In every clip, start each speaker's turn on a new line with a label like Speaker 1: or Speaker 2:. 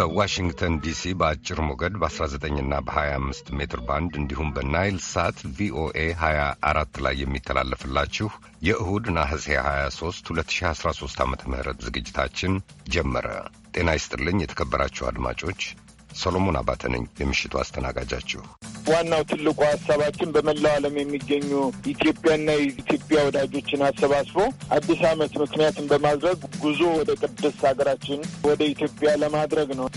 Speaker 1: ከዋሽንግተን ዲሲ በአጭር ሞገድ በ19ና በ25 ሜትር ባንድ እንዲሁም በናይል ሳት ቪኦኤ 24 ላይ የሚተላለፍላችሁ የእሁድ ናህሴ 23 2013 ዓ ም ዝግጅታችን ጀመረ። ጤና ይስጥልኝ የተከበራችሁ አድማጮች። ሰሎሞን አባተ ነኝ የምሽቱ አስተናጋጃችሁ።
Speaker 2: ዋናው ትልቁ ሀሳባችን በመላው ዓለም የሚገኙ ኢትዮጵያና የኢትዮጵያ ወዳጆችን አሰባስቦ አዲስ ዓመት ምክንያትን በማድረግ ጉዞ ወደ ቅድስት ሀገራችን ወደ ኢትዮጵያ ለማድረግ ነው።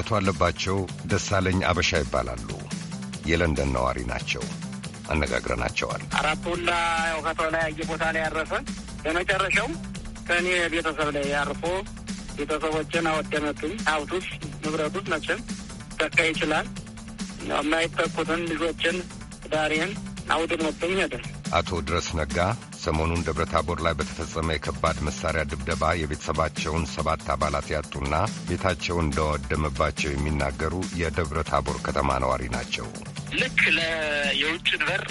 Speaker 1: አቶ አለባቸው ደሳለኝ አበሻ ይባላሉ። የለንደን ነዋሪ ናቸው። አነጋግረናቸዋል።
Speaker 2: አራት ውከቶ ላይ አየ ቦታ
Speaker 3: ላይ ያረፈ በመጨረሻው ከእኔ ቤተሰብ ላይ ያርፎ ቤተሰቦችን አወደመብኝ። ሀብቱስ ንብረቱስ መቼም በቃ ይችላል የማይተኩ ልጆችን ዳሬን አውድሞብኝ ነበር።
Speaker 1: አቶ ድረስ ነጋ ሰሞኑን ደብረ ታቦር ላይ በተፈጸመ የከባድ መሳሪያ ድብደባ የቤተሰባቸውን ሰባት አባላት ያጡና ቤታቸው እንደወደመባቸው የሚናገሩ የደብረ ታቦር ከተማ ነዋሪ ናቸው።
Speaker 4: ልክ ለየውጭን በር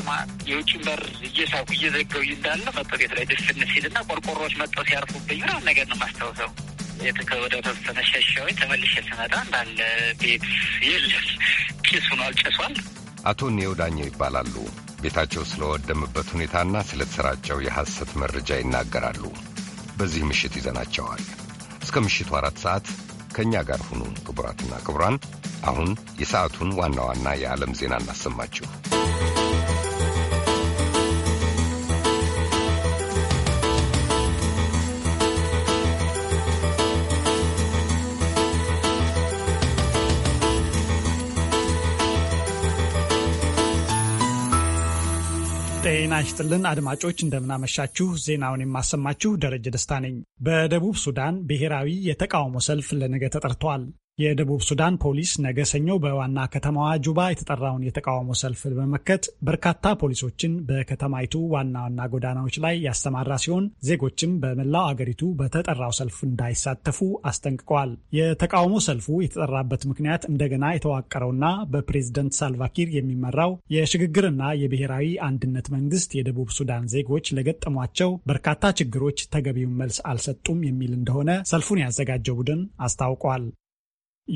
Speaker 4: የውጭን በር እየሳኩ እየዘገው እንዳለ መጥቶ ቤት ላይ ድፍን ሲልና ቆርቆሮች መጥቶ ሲያርፉብኝ ምናምን ነገር ነው ማስታውሰው ቤት ተመልሽ ተወሰነ ሸሸሁኝ። ተመልሼ ስመጣ እንዳለ ቤት ይል ጭስ ሆኗል፣ ጭሷል።
Speaker 1: አቶ ኒው ዳኘው ይባላሉ። ቤታቸው ስለወደመበት ሁኔታና ስለተሰራጨው የሐሰት መረጃ ይናገራሉ። በዚህ ምሽት ይዘናቸዋል። እስከ ምሽቱ አራት ሰዓት ከእኛ ጋር ሁኑ። ክቡራትና ክቡራን፣ አሁን የሰዓቱን ዋና ዋና የዓለም ዜና እናሰማችሁ።
Speaker 5: ጤና ይስጥልን አድማጮች፣ እንደምናመሻችሁ። ዜናውን የማሰማችሁ ደረጀ ደስታ ነኝ። በደቡብ ሱዳን ብሔራዊ የተቃውሞ ሰልፍ ለነገ ተጠርቷል። የደቡብ ሱዳን ፖሊስ ነገ ሰኞ በዋና ከተማዋ ጁባ የተጠራውን የተቃውሞ ሰልፍ በመመከት በርካታ ፖሊሶችን በከተማይቱ ዋና ዋና ጎዳናዎች ላይ ያሰማራ ሲሆን ዜጎችም በመላው አገሪቱ በተጠራው ሰልፍ እንዳይሳተፉ አስጠንቅቀዋል። የተቃውሞ ሰልፉ የተጠራበት ምክንያት እንደገና የተዋቀረውና በፕሬዝደንት ሳልቫኪር የሚመራው የሽግግርና የብሔራዊ አንድነት መንግስት የደቡብ ሱዳን ዜጎች ለገጠሟቸው በርካታ ችግሮች ተገቢውን መልስ አልሰጡም የሚል እንደሆነ ሰልፉን ያዘጋጀው ቡድን አስታውቋል።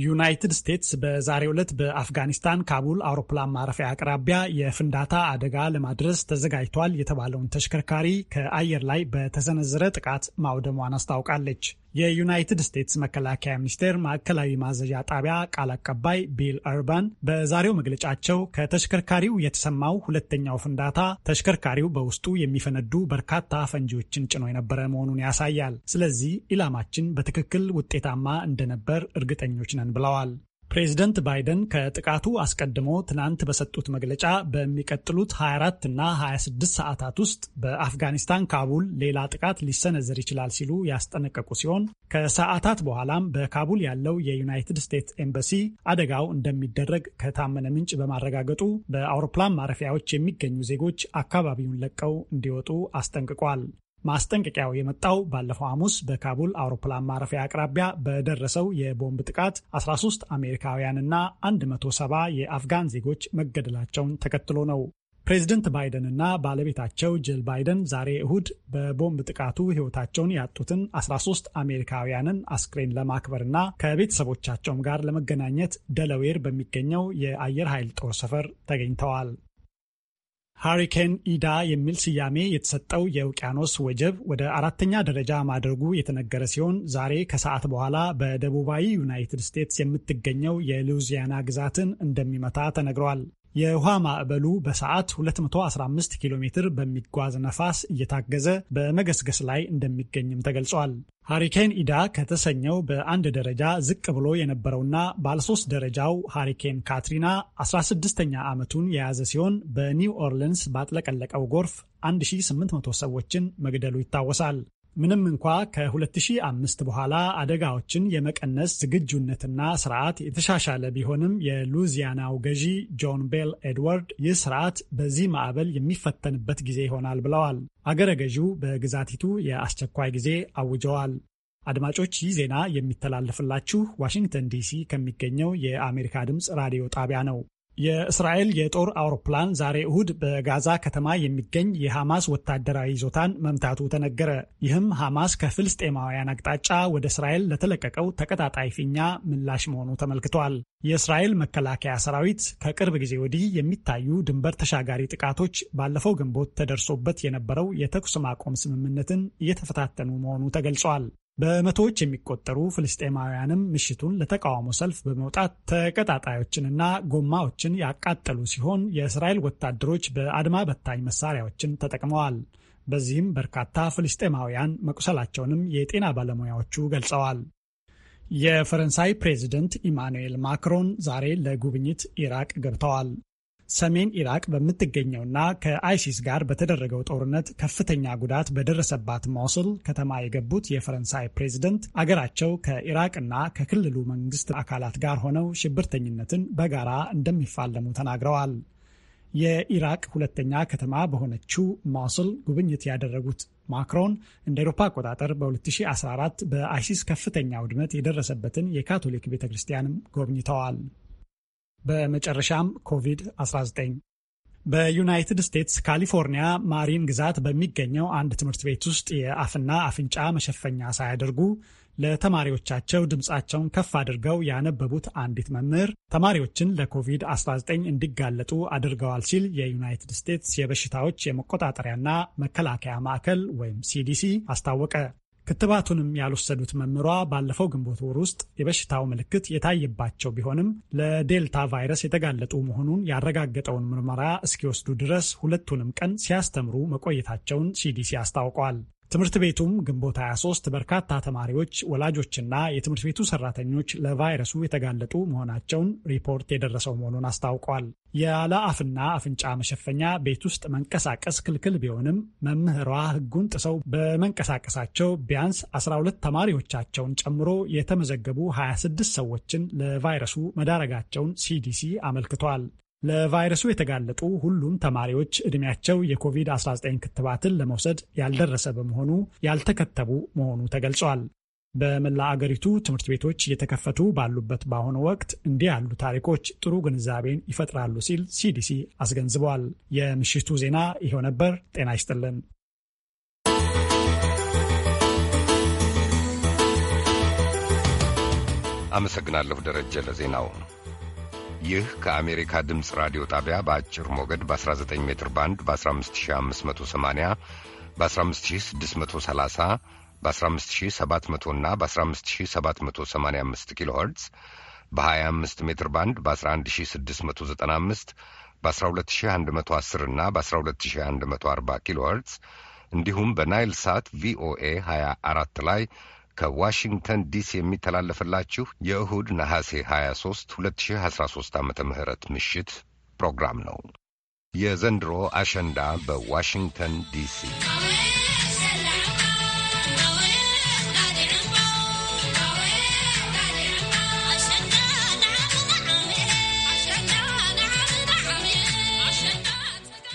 Speaker 5: ዩናይትድ ስቴትስ በዛሬው ዕለት በአፍጋኒስታን ካቡል አውሮፕላን ማረፊያ አቅራቢያ የፍንዳታ አደጋ ለማድረስ ተዘጋጅቷል የተባለውን ተሽከርካሪ ከአየር ላይ በተሰነዘረ ጥቃት ማውደሟን አስታውቃለች። የዩናይትድ ስቴትስ መከላከያ ሚኒስቴር ማዕከላዊ ማዘዣ ጣቢያ ቃል አቀባይ ቢል አርባን በዛሬው መግለጫቸው ከተሽከርካሪው የተሰማው ሁለተኛው ፍንዳታ ተሽከርካሪው በውስጡ የሚፈነዱ በርካታ ፈንጂዎችን ጭኖ የነበረ መሆኑን ያሳያል። ስለዚህ ኢላማችን በትክክል ውጤታማ እንደነበር እርግጠኞች ነን ብለዋል። ፕሬዝደንት ባይደን ከጥቃቱ አስቀድሞ ትናንት በሰጡት መግለጫ በሚቀጥሉት 24 እና 26 ሰዓታት ውስጥ በአፍጋኒስታን ካቡል ሌላ ጥቃት ሊሰነዘር ይችላል ሲሉ ያስጠነቀቁ ሲሆን ከሰዓታት በኋላም በካቡል ያለው የዩናይትድ ስቴትስ ኤምባሲ አደጋው እንደሚደረግ ከታመነ ምንጭ በማረጋገጡ በአውሮፕላን ማረፊያዎች የሚገኙ ዜጎች አካባቢውን ለቀው እንዲወጡ አስጠንቅቋል። ማስጠንቀቂያው የመጣው ባለፈው ሐሙስ በካቡል አውሮፕላን ማረፊያ አቅራቢያ በደረሰው የቦምብ ጥቃት 13 አሜሪካውያንና 170 የአፍጋን ዜጎች መገደላቸውን ተከትሎ ነው። ፕሬዚደንት ባይደን እና ባለቤታቸው ጅል ባይደን ዛሬ እሁድ በቦምብ ጥቃቱ ሕይወታቸውን ያጡትን 13 አሜሪካውያንን አስክሬን ለማክበርና ከቤተሰቦቻቸውም ጋር ለመገናኘት ደለዌር በሚገኘው የአየር ኃይል ጦር ሰፈር ተገኝተዋል። ሃሪኬን ኢዳ የሚል ስያሜ የተሰጠው የውቅያኖስ ወጀብ ወደ አራተኛ ደረጃ ማድረጉ የተነገረ ሲሆን ዛሬ ከሰዓት በኋላ በደቡባዊ ዩናይትድ ስቴትስ የምትገኘው የሉዚያና ግዛትን እንደሚመታ ተነግሯል። የውሃ ማዕበሉ በሰዓት 215 ኪሎ ሜትር በሚጓዝ ነፋስ እየታገዘ በመገስገስ ላይ እንደሚገኝም ተገልጿል። ሃሪኬን ኢዳ ከተሰኘው በአንድ ደረጃ ዝቅ ብሎ የነበረውና ባለሶስት ደረጃው ሃሪኬን ካትሪና 16ኛ ዓመቱን የያዘ ሲሆን በኒው ኦርሊንስ ባጥለቀለቀው ጎርፍ 1800 ሰዎችን መግደሉ ይታወሳል። ምንም እንኳ ከ2005 በኋላ አደጋዎችን የመቀነስ ዝግጁነትና ስርዓት የተሻሻለ ቢሆንም የሉዚያናው ገዢ ጆን ቤል ኤድዋርድ ይህ ስርዓት በዚህ ማዕበል የሚፈተንበት ጊዜ ይሆናል ብለዋል። አገረ ገዢው በግዛቲቱ የአስቸኳይ ጊዜ አውጀዋል። አድማጮች፣ ይህ ዜና የሚተላለፍላችሁ ዋሽንግተን ዲሲ ከሚገኘው የአሜሪካ ድምፅ ራዲዮ ጣቢያ ነው። የእስራኤል የጦር አውሮፕላን ዛሬ እሁድ በጋዛ ከተማ የሚገኝ የሐማስ ወታደራዊ ይዞታን መምታቱ ተነገረ። ይህም ሐማስ ከፍልስጤማውያን አቅጣጫ ወደ እስራኤል ለተለቀቀው ተቀጣጣይ ፊኛ ምላሽ መሆኑ ተመልክቷል። የእስራኤል መከላከያ ሰራዊት ከቅርብ ጊዜ ወዲህ የሚታዩ ድንበር ተሻጋሪ ጥቃቶች ባለፈው ግንቦት ተደርሶበት የነበረው የተኩስ ማቆም ስምምነትን እየተፈታተኑ መሆኑ ተገልጿል። በመቶዎች የሚቆጠሩ ፍልስጤማውያንም ምሽቱን ለተቃውሞ ሰልፍ በመውጣት ተቀጣጣዮችንና ጎማዎችን ያቃጠሉ ሲሆን የእስራኤል ወታደሮች በአድማ በታኝ መሳሪያዎችን ተጠቅመዋል። በዚህም በርካታ ፍልስጤማውያን መቁሰላቸውንም የጤና ባለሙያዎቹ ገልጸዋል። የፈረንሳይ ፕሬዚደንት ኢማኑኤል ማክሮን ዛሬ ለጉብኝት ኢራቅ ገብተዋል። ሰሜን ኢራቅ በምትገኘውና ከአይሲስ ጋር በተደረገው ጦርነት ከፍተኛ ጉዳት በደረሰባት ሞስል ከተማ የገቡት የፈረንሳይ ፕሬዝደንት አገራቸው ከኢራቅና ከክልሉ መንግስት አካላት ጋር ሆነው ሽብርተኝነትን በጋራ እንደሚፋለሙ ተናግረዋል። የኢራቅ ሁለተኛ ከተማ በሆነችው ማስል ጉብኝት ያደረጉት ማክሮን እንደ ኤሮፓ አቆጣጠር በ2014 በአይሲስ ከፍተኛ ውድመት የደረሰበትን የካቶሊክ ቤተ ክርስቲያንም ጎብኝተዋል። በመጨረሻም ኮቪድ-19 በዩናይትድ ስቴትስ ካሊፎርኒያ ማሪን ግዛት በሚገኘው አንድ ትምህርት ቤት ውስጥ የአፍና አፍንጫ መሸፈኛ ሳያደርጉ ለተማሪዎቻቸው ድምፃቸውን ከፍ አድርገው ያነበቡት አንዲት መምህር ተማሪዎችን ለኮቪድ-19 እንዲጋለጡ አድርገዋል ሲል የዩናይትድ ስቴትስ የበሽታዎች የመቆጣጠሪያና መከላከያ ማዕከል ወይም ሲዲሲ አስታወቀ። ክትባቱንም ያልወሰዱት መምህሯ ባለፈው ግንቦት ወር ውስጥ የበሽታው ምልክት የታየባቸው ቢሆንም ለዴልታ ቫይረስ የተጋለጡ መሆኑን ያረጋገጠውን ምርመራ እስኪወስዱ ድረስ ሁለቱንም ቀን ሲያስተምሩ መቆየታቸውን ሲዲሲ አስታውቋል። ትምህርት ቤቱም ግንቦት 23 በርካታ ተማሪዎች፣ ወላጆችና የትምህርት ቤቱ ሰራተኞች ለቫይረሱ የተጋለጡ መሆናቸውን ሪፖርት የደረሰው መሆኑን አስታውቋል። ያለ አፍና አፍንጫ መሸፈኛ ቤት ውስጥ መንቀሳቀስ ክልክል ቢሆንም መምህሯ ሕጉን ጥሰው በመንቀሳቀሳቸው ቢያንስ 12 ተማሪዎቻቸውን ጨምሮ የተመዘገቡ 26 ሰዎችን ለቫይረሱ መዳረጋቸውን ሲዲሲ አመልክቷል። ለቫይረሱ የተጋለጡ ሁሉም ተማሪዎች ዕድሜያቸው የኮቪድ-19 ክትባትን ለመውሰድ ያልደረሰ በመሆኑ ያልተከተቡ መሆኑ ተገልጿል። በመላ አገሪቱ ትምህርት ቤቶች እየተከፈቱ ባሉበት በአሁኑ ወቅት እንዲህ ያሉ ታሪኮች ጥሩ ግንዛቤን ይፈጥራሉ ሲል ሲዲሲ አስገንዝበዋል። የምሽቱ ዜና ይኸው ነበር። ጤና ይስጥልን።
Speaker 1: አመሰግናለሁ ደረጀ ለዜናው። ይህ ከአሜሪካ ድምፅ ራዲዮ ጣቢያ በአጭር ሞገድ በ19 ሜትር ባንድ በ15580 በ15630 በ15700 እና በ15785 ኪሎ ኸርትዝ በ25 ሜትር ባንድ በ11695 በ12110 እና በ12140 ኪሎ ኸርትዝ እንዲሁም በናይል ሳት ቪኦኤ 24 ላይ ከዋሽንግተን ዲሲ የሚተላለፍላችሁ የእሁድ ነሐሴ 23 2013 ዓ ም ምሽት ፕሮግራም ነው። የዘንድሮ አሸንዳ በዋሽንግተን ዲሲ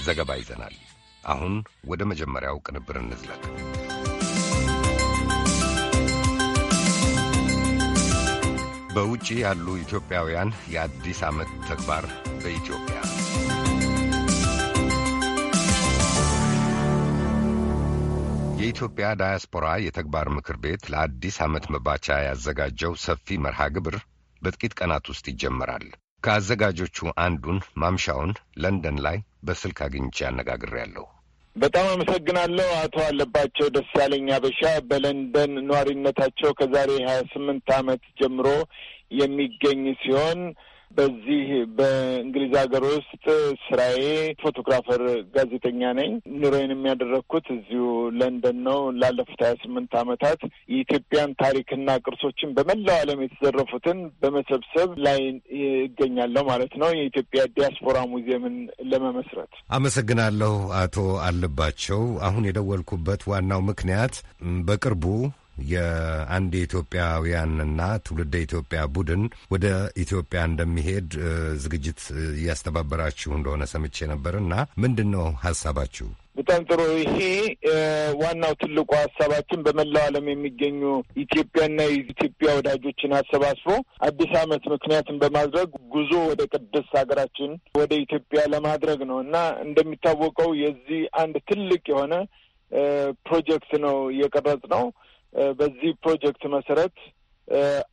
Speaker 1: ዘገባ ይዘናል። አሁን ወደ መጀመሪያው ቅንብር እንዝለቅ። በውጭ ያሉ ኢትዮጵያውያን የአዲስ ዓመት ተግባር በኢትዮጵያ የኢትዮጵያ ዳያስፖራ የተግባር ምክር ቤት ለአዲስ ዓመት መባቻ ያዘጋጀው ሰፊ መርሃ ግብር በጥቂት ቀናት ውስጥ ይጀመራል። ከአዘጋጆቹ አንዱን ማምሻውን ለንደን ላይ በስልክ አግኝቼ አነጋግሬያለሁ።
Speaker 2: በጣም አመሰግናለሁ አቶ አለባቸው ደሳለኝ አበሻ በለንደን ነዋሪነታቸው ከዛሬ ሀያ ስምንት አመት ጀምሮ የሚገኝ ሲሆን በዚህ በእንግሊዝ ሀገር ውስጥ ስራዬ ፎቶግራፈር ጋዜጠኛ ነኝ። ኑሮዬን የሚያደረግኩት እዚሁ ለንደን ነው። ላለፉት ሀያ ስምንት አመታት የኢትዮጵያን ታሪክና ቅርሶችን በመላው ዓለም የተዘረፉትን በመሰብሰብ ላይ ይገኛለሁ ማለት ነው። የኢትዮጵያ ዲያስፖራ ሙዚየምን ለመመስረት
Speaker 1: አመሰግናለሁ። አቶ አለባቸው አሁን የደወልኩበት ዋናው ምክንያት በቅርቡ የአንድ የኢትዮጵያውያንና ትውልደ ኢትዮጵያ ቡድን ወደ ኢትዮጵያ እንደሚሄድ ዝግጅት እያስተባበራችሁ እንደሆነ ሰምቼ ነበር እና ምንድን ነው ሀሳባችሁ?
Speaker 2: በጣም ጥሩ። ይሄ ዋናው ትልቁ ሀሳባችን በመላው ዓለም የሚገኙ ኢትዮጵያና የኢትዮጵያ ወዳጆችን አሰባስቦ አዲስ ዓመት ምክንያትን በማድረግ ጉዞ ወደ ቅድስ ሀገራችን ወደ ኢትዮጵያ ለማድረግ ነው እና እንደሚታወቀው የዚህ አንድ ትልቅ የሆነ ፕሮጀክት ነው እየቀረጽ ነው በዚህ ፕሮጀክት መሰረት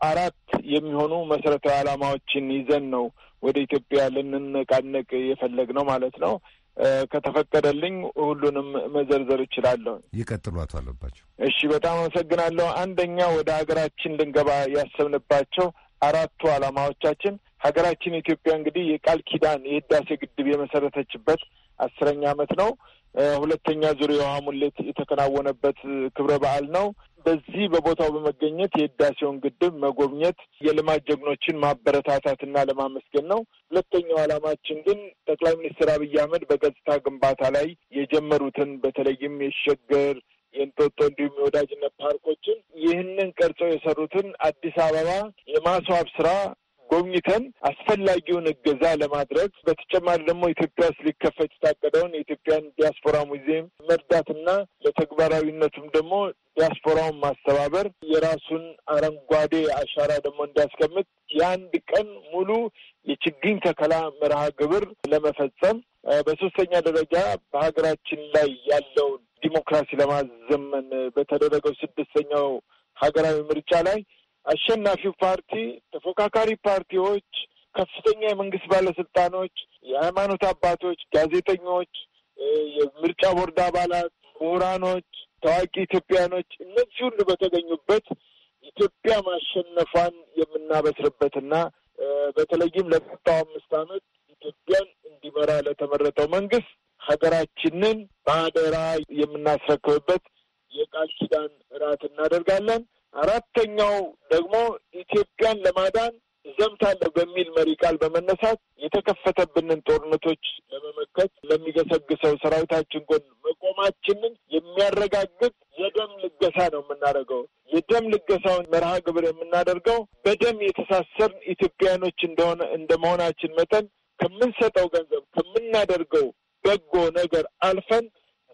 Speaker 2: አራት የሚሆኑ መሰረታዊ ዓላማዎችን ይዘን ነው ወደ ኢትዮጵያ ልንነቃነቅ የፈለግነው ማለት ነው። ከተፈቀደልኝ ሁሉንም መዘርዘር እችላለሁ።
Speaker 1: ይቀጥሉ አቶ አለባቸው።
Speaker 2: እሺ፣ በጣም አመሰግናለሁ። አንደኛ ወደ ሀገራችን ልንገባ ያሰብንባቸው አራቱ ዓላማዎቻችን ሀገራችን ኢትዮጵያ እንግዲህ የቃል ኪዳን የህዳሴ ግድብ የመሰረተችበት አስረኛ ዓመት ነው። ሁለተኛ ዙር የውሃ ሙሌት የተከናወነበት ክብረ በዓል ነው። በዚህ በቦታው በመገኘት የህዳሴውን ግድብ መጎብኘት የልማት ጀግኖችን ማበረታታትና ለማመስገን ነው። ሁለተኛው ዓላማችን ግን ጠቅላይ ሚኒስትር አብይ አህመድ በገጽታ ግንባታ ላይ የጀመሩትን በተለይም የሸገር የእንጦጦ እንዲሁም የወዳጅነት ፓርኮችን ይህንን ቀርጸው የሰሩትን አዲስ አበባ የማስዋብ ስራ ጎብኝተን አስፈላጊውን እገዛ ለማድረግ በተጨማሪ ደግሞ ኢትዮጵያ ውስጥ ሊከፈት የታቀደውን የኢትዮጵያን ዲያስፖራ ሙዚየም መርዳትና ለተግባራዊነቱም ደግሞ ዲያስፖራውን ማስተባበር የራሱን አረንጓዴ አሻራ ደግሞ እንዲያስቀምጥ የአንድ ቀን ሙሉ የችግኝ ተከላ መርሃ ግብር ለመፈጸም በሶስተኛ ደረጃ በሀገራችን ላይ ያለውን ዲሞክራሲ ለማዘመን በተደረገው ስድስተኛው ሀገራዊ ምርጫ ላይ አሸናፊው ፓርቲ፣ ተፎካካሪ ፓርቲዎች፣ ከፍተኛ የመንግስት ባለስልጣኖች፣ የሃይማኖት አባቶች፣ ጋዜጠኞች፣ የምርጫ ቦርድ አባላት፣ ምሁራኖች፣ ታዋቂ ኢትዮጵያኖች እነዚህ ሁሉ በተገኙበት ኢትዮጵያ ማሸነፏን የምናበስርበትና በተለይም ለቀጣው አምስት ዓመት ኢትዮጵያን እንዲመራ ለተመረጠው መንግስት ሀገራችንን በአደራ የምናስረክብበት የቃል ኪዳን እራት እናደርጋለን። አራተኛው ደግሞ ኢትዮጵያን ለማዳን ዘምታለሁ በሚል መሪ ቃል በመነሳት የተከፈተብንን ጦርነቶች ለመመከት ለሚገሰግሰው ሰራዊታችን ጎን መቆማችንን የሚያረጋግጥ የደም ልገሳ ነው የምናደርገው። የደም ልገሳውን መርሃ ግብር የምናደርገው በደም የተሳሰርን ኢትዮጵያኖች እንደሆነ እንደ መሆናችን መጠን ከምንሰጠው ገንዘብ ከምናደርገው በጎ ነገር አልፈን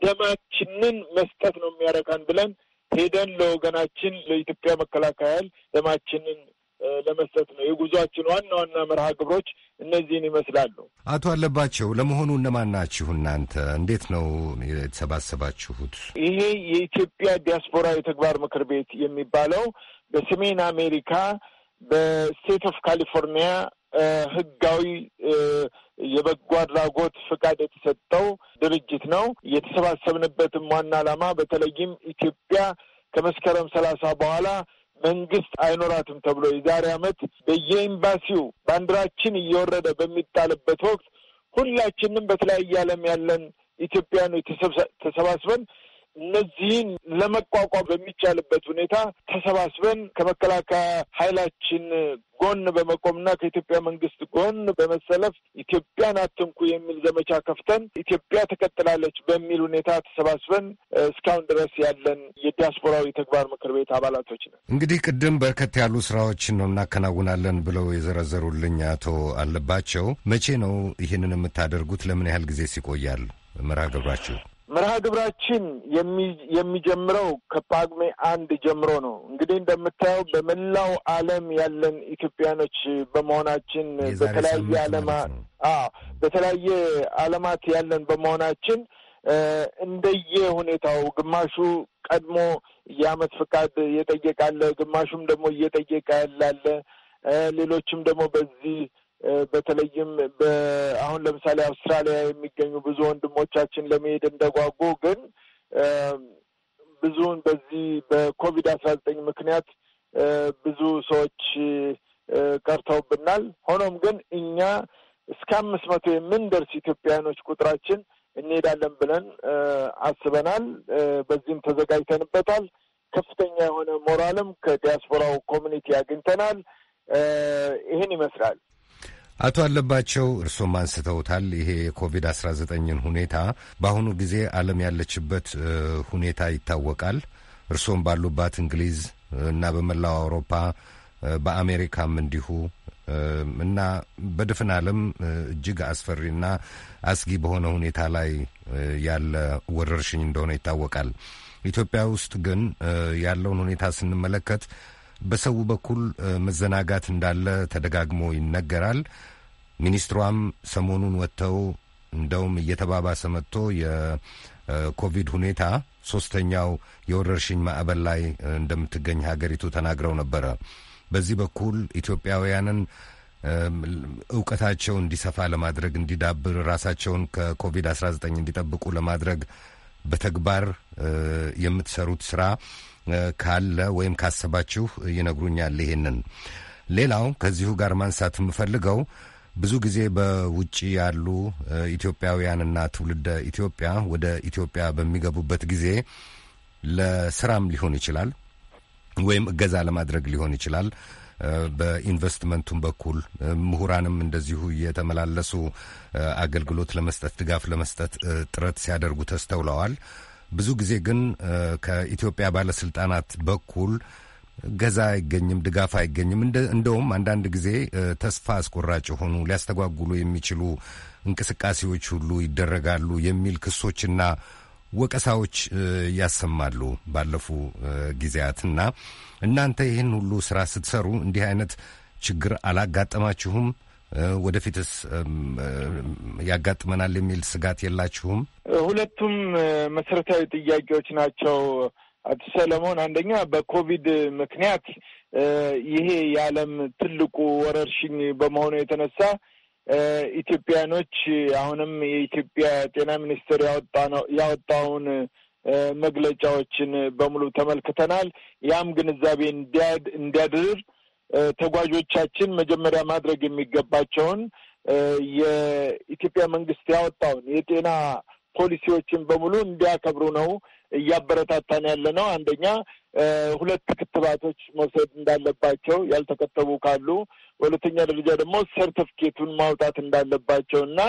Speaker 2: ደማችንን መስጠት ነው የሚያረካን ብለን ሄደን ለወገናችን ለኢትዮጵያ መከላከያ ኃይል ደማችንን ለመስጠት ነው። የጉዟችን ዋና ዋና መርሃ ግብሮች እነዚህን ይመስላሉ።
Speaker 1: አቶ አለባቸው፣ ለመሆኑ እነማን ናችሁ እናንተ? እንዴት ነው የተሰባሰባችሁት?
Speaker 2: ይሄ የኢትዮጵያ ዲያስፖራ የተግባር ምክር ቤት የሚባለው በሰሜን አሜሪካ በስቴት ኦፍ ካሊፎርኒያ ህጋዊ የበጎ አድራጎት ፍቃድ የተሰጠው ድርጅት ነው። የተሰባሰብንበትም ዋና ዓላማ በተለይም ኢትዮጵያ ከመስከረም ሰላሳ በኋላ መንግስት አይኖራትም ተብሎ የዛሬ ዓመት በየኤምባሲው ባንዲራችን እየወረደ በሚጣልበት ወቅት ሁላችንም በተለያየ ዓለም ያለን ኢትዮጵያውያን ተሰባስበን እነዚህን ለመቋቋም በሚቻልበት ሁኔታ ተሰባስበን ከመከላከያ ኃይላችን ጎን በመቆምና ከኢትዮጵያ መንግስት ጎን በመሰለፍ ኢትዮጵያን አትንኩ የሚል ዘመቻ ከፍተን ኢትዮጵያ ትቀጥላለች በሚል ሁኔታ ተሰባስበን እስካሁን ድረስ ያለን የዲያስፖራዊ ተግባር ምክር ቤት አባላቶች ነን።
Speaker 1: እንግዲህ ቅድም በርከት ያሉ ስራዎችን ነው እናከናውናለን ብለው የዘረዘሩልኝ አቶ አለባቸው፣ መቼ ነው ይህንን የምታደርጉት? ለምን ያህል ጊዜ ሲቆያል መርሃ ግብራችሁ?
Speaker 2: መርሃ ግብራችን የሚጀምረው ከጳጉሜ አንድ ጀምሮ ነው። እንግዲህ እንደምታየው በመላው ዓለም ያለን ኢትዮጵያኖች በመሆናችን በተለያየ ዓለማ በተለያየ ዓለማት ያለን በመሆናችን እንደየ ሁኔታው ግማሹ ቀድሞ የዓመት ፍቃድ እየጠየቃለ፣ ግማሹም ደግሞ እየጠየቀ ያላለ ሌሎችም ደግሞ በዚህ በተለይም አሁን ለምሳሌ አውስትራሊያ የሚገኙ ብዙ ወንድሞቻችን ለመሄድ እንደጓጉ ግን ብዙውን በዚህ በኮቪድ አስራ ዘጠኝ ምክንያት ብዙ ሰዎች ቀርተውብናል። ሆኖም ግን እኛ እስከ አምስት መቶ የምንደርስ ኢትዮጵያውያኖች ቁጥራችን እንሄዳለን ብለን አስበናል። በዚህም ተዘጋጅተንበታል። ከፍተኛ የሆነ ሞራልም ከዲያስፖራው ኮሚኒቲ አግኝተናል። ይህን ይመስላል።
Speaker 1: አቶ አለባቸው እርሶም አንስተውታል። ይሄ የኮቪድ-19ን ሁኔታ በአሁኑ ጊዜ ዓለም ያለችበት ሁኔታ ይታወቃል። እርሶም ባሉባት እንግሊዝ እና በመላው አውሮፓ በአሜሪካም እንዲሁ እና በድፍን ዓለም እጅግ አስፈሪና አስጊ በሆነ ሁኔታ ላይ ያለ ወረርሽኝ እንደሆነ ይታወቃል። ኢትዮጵያ ውስጥ ግን ያለውን ሁኔታ ስንመለከት በሰው በኩል መዘናጋት እንዳለ ተደጋግሞ ይነገራል። ሚኒስትሯም ሰሞኑን ወጥተው እንደውም እየተባባሰ መጥቶ የኮቪድ ሁኔታ ሶስተኛው የወረርሽኝ ማዕበል ላይ እንደምትገኝ ሀገሪቱ ተናግረው ነበረ። በዚህ በኩል ኢትዮጵያውያንን እውቀታቸው እንዲሰፋ ለማድረግ እንዲዳብር፣ ራሳቸውን ከኮቪድ-19 እንዲጠብቁ ለማድረግ በተግባር የምትሰሩት ስራ ካለ ወይም ካሰባችሁ ይነግሩኛል። ይሄንን ሌላው ከዚሁ ጋር ማንሳት የምፈልገው ብዙ ጊዜ በውጭ ያሉ ኢትዮጵያውያንና ትውልደ ኢትዮጵያ ወደ ኢትዮጵያ በሚገቡበት ጊዜ ለስራም ሊሆን ይችላል ወይም እገዛ ለማድረግ ሊሆን ይችላል። በኢንቨስትመንቱም በኩል ምሁራንም እንደዚሁ እየተመላለሱ አገልግሎት ለመስጠት ድጋፍ ለመስጠት ጥረት ሲያደርጉ ተስተውለዋል። ብዙ ጊዜ ግን ከኢትዮጵያ ባለስልጣናት በኩል ገዛ አይገኝም፣ ድጋፍ አይገኝም። እንደውም አንዳንድ ጊዜ ተስፋ አስቆራጭ የሆኑ ሊያስተጓጉሉ የሚችሉ እንቅስቃሴዎች ሁሉ ይደረጋሉ የሚል ክሶችና ወቀሳዎች ያሰማሉ ባለፉ ጊዜያትና እናንተ ይህን ሁሉ ስራ ስትሰሩ እንዲህ አይነት ችግር አላጋጠማችሁም? ወደፊትስ ያጋጥመናል የሚል ስጋት የላችሁም?
Speaker 2: ሁለቱም መሰረታዊ ጥያቄዎች ናቸው። አቶ ሰለሞን፣ አንደኛ በኮቪድ ምክንያት ይሄ የዓለም ትልቁ ወረርሽኝ በመሆኑ የተነሳ ኢትዮጵያኖች አሁንም የኢትዮጵያ ጤና ሚኒስቴር ያወጣውን መግለጫዎችን በሙሉ ተመልክተናል። ያም ግንዛቤ እንዲያድር ተጓዦቻችን መጀመሪያ ማድረግ የሚገባቸውን የኢትዮጵያ መንግስት ያወጣውን የጤና ፖሊሲዎችን በሙሉ እንዲያከብሩ ነው እያበረታታን ያለ ነው። አንደኛ ሁለት ክትባቶች መውሰድ እንዳለባቸው ያልተከተቡ ካሉ፣ በሁለተኛ ደረጃ ደግሞ ሰርተፍኬቱን ማውጣት እንዳለባቸው እና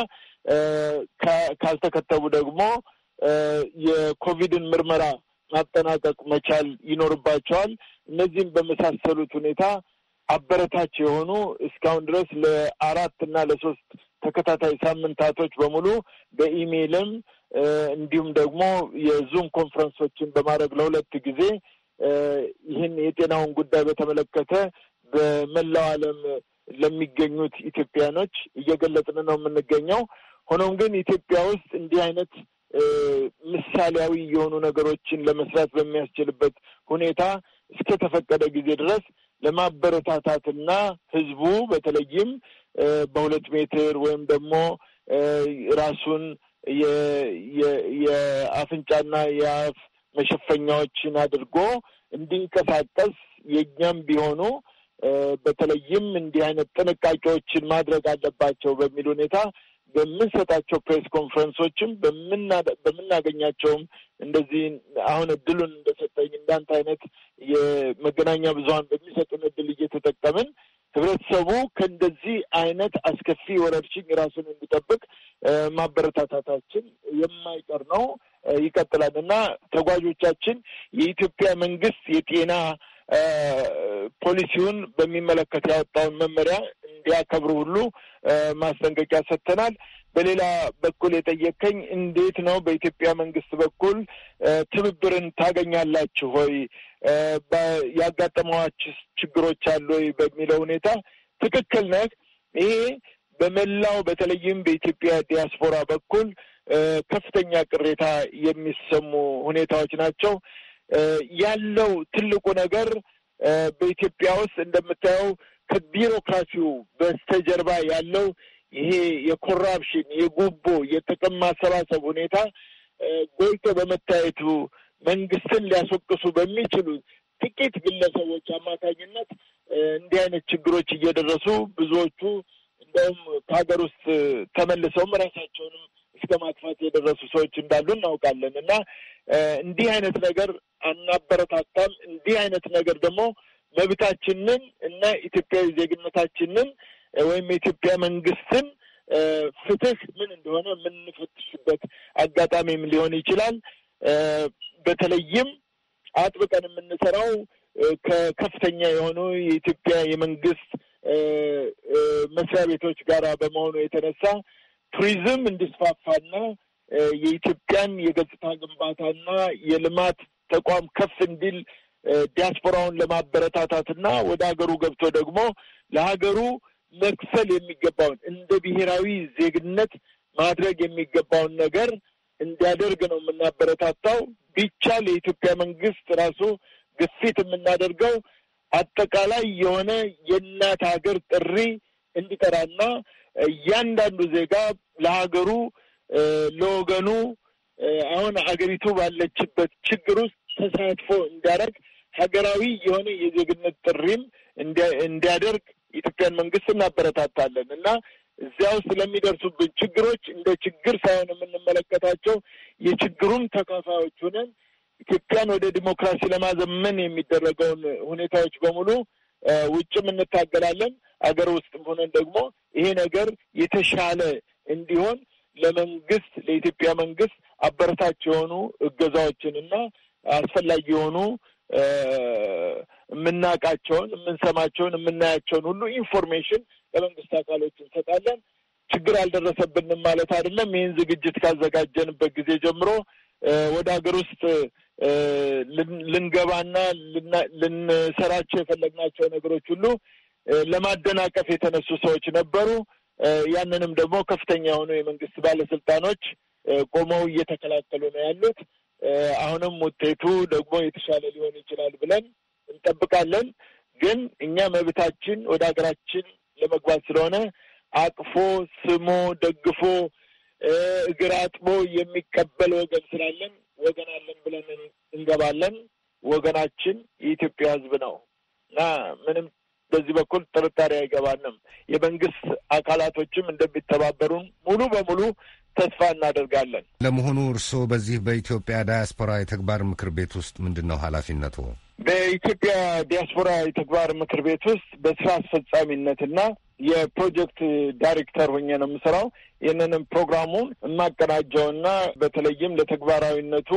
Speaker 2: ካልተከተቡ ደግሞ የኮቪድን ምርመራ ማጠናቀቅ መቻል ይኖርባቸዋል። እነዚህም በመሳሰሉት ሁኔታ አበረታች የሆኑ እስካሁን ድረስ ለአራት እና ለሶስት ተከታታይ ሳምንታቶች በሙሉ በኢሜይልም እንዲሁም ደግሞ የዙም ኮንፈረንሶችን በማድረግ ለሁለት ጊዜ ይህን የጤናውን ጉዳይ በተመለከተ በመላው ዓለም ለሚገኙት ኢትዮጵያኖች እየገለጽን ነው የምንገኘው። ሆኖም ግን ኢትዮጵያ ውስጥ እንዲህ አይነት ምሳሌያዊ የሆኑ ነገሮችን ለመስራት በሚያስችልበት ሁኔታ እስከተፈቀደ ጊዜ ድረስ ለማበረታታትና ህዝቡ በተለይም በሁለት ሜትር ወይም ደግሞ ራሱን የአፍንጫና የአፍ መሸፈኛዎችን አድርጎ እንዲንቀሳቀስ የእኛም ቢሆኑ በተለይም እንዲህ አይነት ጥንቃቄዎችን ማድረግ አለባቸው በሚል ሁኔታ በምንሰጣቸው ፕሬስ ኮንፈረንሶችም በምናገኛቸውም እንደዚህ አሁን እድሉን እንደሰጠኝ እንዳንተ አይነት የመገናኛ ብዙሀን በሚሰጡን እድል እየተጠቀምን ህብረተሰቡ ከእንደዚህ አይነት አስከፊ ወረርሽኝ ራሱን እንዲጠብቅ ማበረታታታችን የማይቀር ነው፣ ይቀጥላል እና ተጓዦቻችን የኢትዮጵያ መንግስት የጤና ፖሊሲውን በሚመለከት ያወጣውን መመሪያ እንዲያከብሩ ሁሉ ማስጠንቀቂያ ሰጥተናል። በሌላ በኩል የጠየቀኝ እንዴት ነው በኢትዮጵያ መንግስት በኩል ትብብርን ታገኛላችሁ ሆይ ያጋጠመዋችሁ ችግሮች አሉ ወይ በሚለው ሁኔታ ትክክል ነህ። ይሄ በመላው በተለይም በኢትዮጵያ ዲያስፖራ በኩል ከፍተኛ ቅሬታ የሚሰሙ ሁኔታዎች ናቸው። ያለው ትልቁ ነገር በኢትዮጵያ ውስጥ እንደምታየው ከቢሮክራሲው በስተጀርባ ያለው ይሄ የኮራፕሽን የጉቦ የጥቅም ማሰባሰብ ሁኔታ ጎልቶ በመታየቱ መንግስትን ሊያስወቅሱ በሚችሉ ጥቂት ግለሰቦች አማካኝነት እንዲህ አይነት ችግሮች እየደረሱ ብዙዎቹ እንደውም ከሀገር ውስጥ ተመልሰውም ራሳቸውንም እስከ ማጥፋት የደረሱ ሰዎች እንዳሉ እናውቃለን እና እንዲህ አይነት ነገር አናበረታታም። እንዲህ አይነት ነገር ደግሞ መብታችንን እና ኢትዮጵያዊ ዜግነታችንን ወይም የኢትዮጵያ መንግስትን ፍትህ ምን እንደሆነ የምንፈትሽበት አጋጣሚም ሊሆን ይችላል። በተለይም አጥብቀን የምንሰራው ከከፍተኛ የሆኑ የኢትዮጵያ የመንግስት መስሪያ ቤቶች ጋር በመሆኑ የተነሳ ቱሪዝም እንዲስፋፋና የኢትዮጵያን የገጽታ ግንባታና የልማት ተቋም ከፍ እንዲል ዲያስፖራውን ለማበረታታትና ወደ ሀገሩ ገብቶ ደግሞ ለሀገሩ መክፈል የሚገባውን እንደ ብሔራዊ ዜግነት ማድረግ የሚገባውን ነገር እንዲያደርግ ነው የምናበረታታው። ቢቻል የኢትዮጵያ መንግስት ራሱ ግፊት የምናደርገው አጠቃላይ የሆነ የእናት ሀገር ጥሪ እንዲጠራና እያንዳንዱ ዜጋ ለሀገሩ፣ ለወገኑ አሁን ሀገሪቱ ባለችበት ችግር ውስጥ ተሳትፎ እንዲያደርግ ሀገራዊ የሆነ የዜግነት ጥሪም እንዲያደርግ የኢትዮጵያን መንግስት እናበረታታለን እና እዚያ ውስጥ ስለሚደርሱብን ችግሮች እንደ ችግር ሳይሆን የምንመለከታቸው የችግሩም ተካፋዮች ሆነን ኢትዮጵያን ወደ ዲሞክራሲ ለማዘመን የሚደረገውን ሁኔታዎች በሙሉ ውጭም እንታገላለን። አገር ውስጥም ሆነን ደግሞ ይሄ ነገር የተሻለ እንዲሆን ለመንግስት ለኢትዮጵያ መንግስት አበረታች የሆኑ እገዛዎችንና አስፈላጊ የሆኑ የምናውቃቸውን፣ የምንሰማቸውን፣ የምናያቸውን ሁሉ ኢንፎርሜሽን ለመንግስት አካሎች እንሰጣለን። ችግር አልደረሰብንም ማለት አይደለም። ይህን ዝግጅት ካዘጋጀንበት ጊዜ ጀምሮ ወደ ሀገር ውስጥ ልንገባና ልንሰራቸው የፈለግናቸው ነገሮች ሁሉ ለማደናቀፍ የተነሱ ሰዎች ነበሩ። ያንንም ደግሞ ከፍተኛ የሆኑ የመንግስት ባለስልጣኖች ቆመው እየተከላከሉ ነው ያሉት። አሁንም ውጤቱ ደግሞ የተሻለ ሊሆን ይችላል ብለን እንጠብቃለን። ግን እኛ መብታችን ወደ ሀገራችን ለመግባት ስለሆነ አቅፎ ስሞ ደግፎ እግር አጥቦ የሚቀበል ወገን ስላለን ወገን አለን ብለን እንገባለን። ወገናችን የኢትዮጵያ ሕዝብ ነው እና ምንም በዚህ በኩል ጥርጣሬ አይገባንም። የመንግስት አካላቶችም እንደሚተባበሩን ሙሉ በሙሉ ተስፋ እናደርጋለን።
Speaker 1: ለመሆኑ እርስዎ በዚህ በኢትዮጵያ ዳያስፖራ የተግባር ምክር ቤት ውስጥ ምንድን ነው ኃላፊነቱ?
Speaker 2: በኢትዮጵያ ዲያስፖራ የተግባር ምክር ቤት ውስጥ በስራ አስፈጻሚነትና የፕሮጀክት ዳይሬክተር ሆኜ ነው የምሰራው። ይህንንም ፕሮግራሙን የማቀናጀውና በተለይም ለተግባራዊነቱ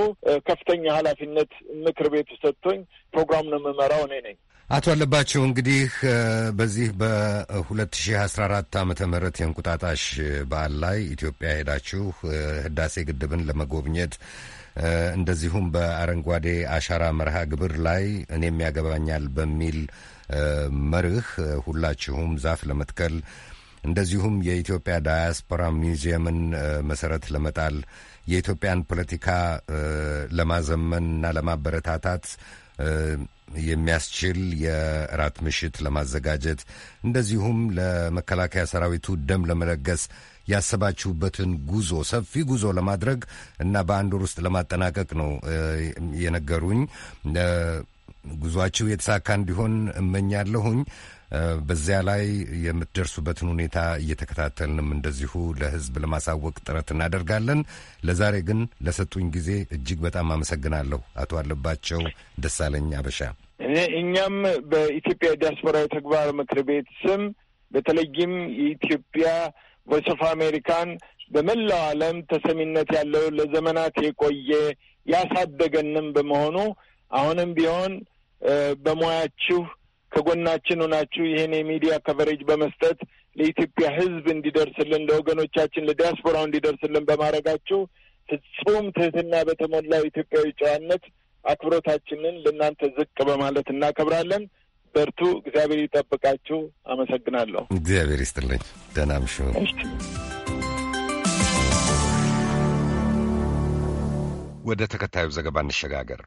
Speaker 2: ከፍተኛ ኃላፊነት ምክር ቤቱ ሰጥቶኝ ፕሮግራሙን የምመራው እኔ ነኝ።
Speaker 1: አቶ አለባቸው እንግዲህ በዚህ በ2014 ዓ ም የእንቁጣጣሽ በዓል ላይ ኢትዮጵያ ሄዳችሁ ህዳሴ ግድብን ለመጎብኘት እንደዚሁም በአረንጓዴ አሻራ መርሃ ግብር ላይ እኔም ያገባኛል በሚል መርህ ሁላችሁም ዛፍ ለመትከል እንደዚሁም የኢትዮጵያ ዳያስፖራ ሚውዚየምን መሰረት ለመጣል የኢትዮጵያን ፖለቲካ ለማዘመን እና ለማበረታታት የሚያስችል የእራት ምሽት ለማዘጋጀት እንደዚሁም ለመከላከያ ሰራዊቱ ደም ለመለገስ ያሰባችሁበትን ጉዞ ሰፊ ጉዞ ለማድረግ እና በአንድ ወር ውስጥ ለማጠናቀቅ ነው የነገሩኝ። ጉዟችሁ የተሳካ እንዲሆን እመኛለሁኝ። በዚያ ላይ የምትደርሱበትን ሁኔታ እየተከታተልንም እንደዚሁ ለህዝብ ለማሳወቅ ጥረት እናደርጋለን። ለዛሬ ግን ለሰጡኝ ጊዜ እጅግ በጣም አመሰግናለሁ አቶ አለባቸው ደሳለኝ አበሻ።
Speaker 2: እኛም በኢትዮጵያ ዲያስፖራዊ ተግባር ምክር ቤት ስም በተለይም የኢትዮጵያ ቮይስ ኦፍ አሜሪካን በመላው ዓለም ተሰሚነት ያለው ለዘመናት የቆየ ያሳደገንም በመሆኑ አሁንም ቢሆን በሙያችሁ ከጎናችን ሆናችሁ ይህን የሚዲያ ከቨሬጅ በመስጠት ለኢትዮጵያ ሕዝብ እንዲደርስልን ለወገኖቻችን ለዲያስፖራው እንዲደርስልን በማድረጋችሁ ፍጹም ትህትና በተሞላው ኢትዮጵያዊ ጨዋነት አክብሮታችንን ለእናንተ ዝቅ በማለት እናከብራለን። በርቱ፣ እግዚአብሔር ይጠብቃችሁ።
Speaker 1: አመሰግናለሁ። እግዚአብሔር ይስጥልኝ። ደህና ምሽ። ወደ ተከታዩ ዘገባ እንሸጋገር።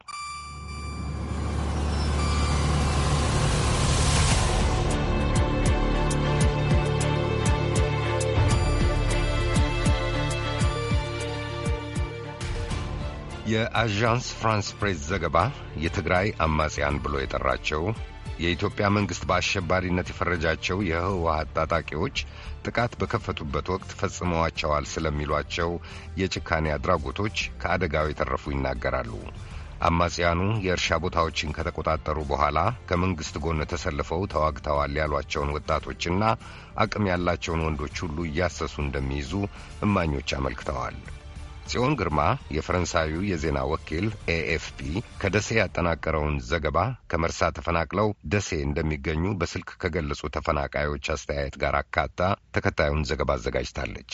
Speaker 1: የአዣንስ ፍራንስ ፕሬስ ዘገባ የትግራይ አማጽያን ብሎ የጠራቸው የኢትዮጵያ መንግሥት በአሸባሪነት የፈረጃቸው የህወሀት ታጣቂዎች ጥቃት በከፈቱበት ወቅት ፈጽመዋቸዋል ስለሚሏቸው የጭካኔ አድራጎቶች ከአደጋው የተረፉ ይናገራሉ። አማጽያኑ የእርሻ ቦታዎችን ከተቆጣጠሩ በኋላ ከመንግሥት ጎን ተሰልፈው ተዋግተዋል ያሏቸውን ወጣቶችና አቅም ያላቸውን ወንዶች ሁሉ እያሰሱ እንደሚይዙ እማኞች አመልክተዋል። ጽዮን ግርማ የፈረንሳዩ የዜና ወኪል ኤኤፍፒ ከደሴ ያጠናቀረውን ዘገባ ከመርሳ ተፈናቅለው ደሴ እንደሚገኙ በስልክ ከገለጹ ተፈናቃዮች አስተያየት ጋር አካታ ተከታዩን ዘገባ አዘጋጅታለች።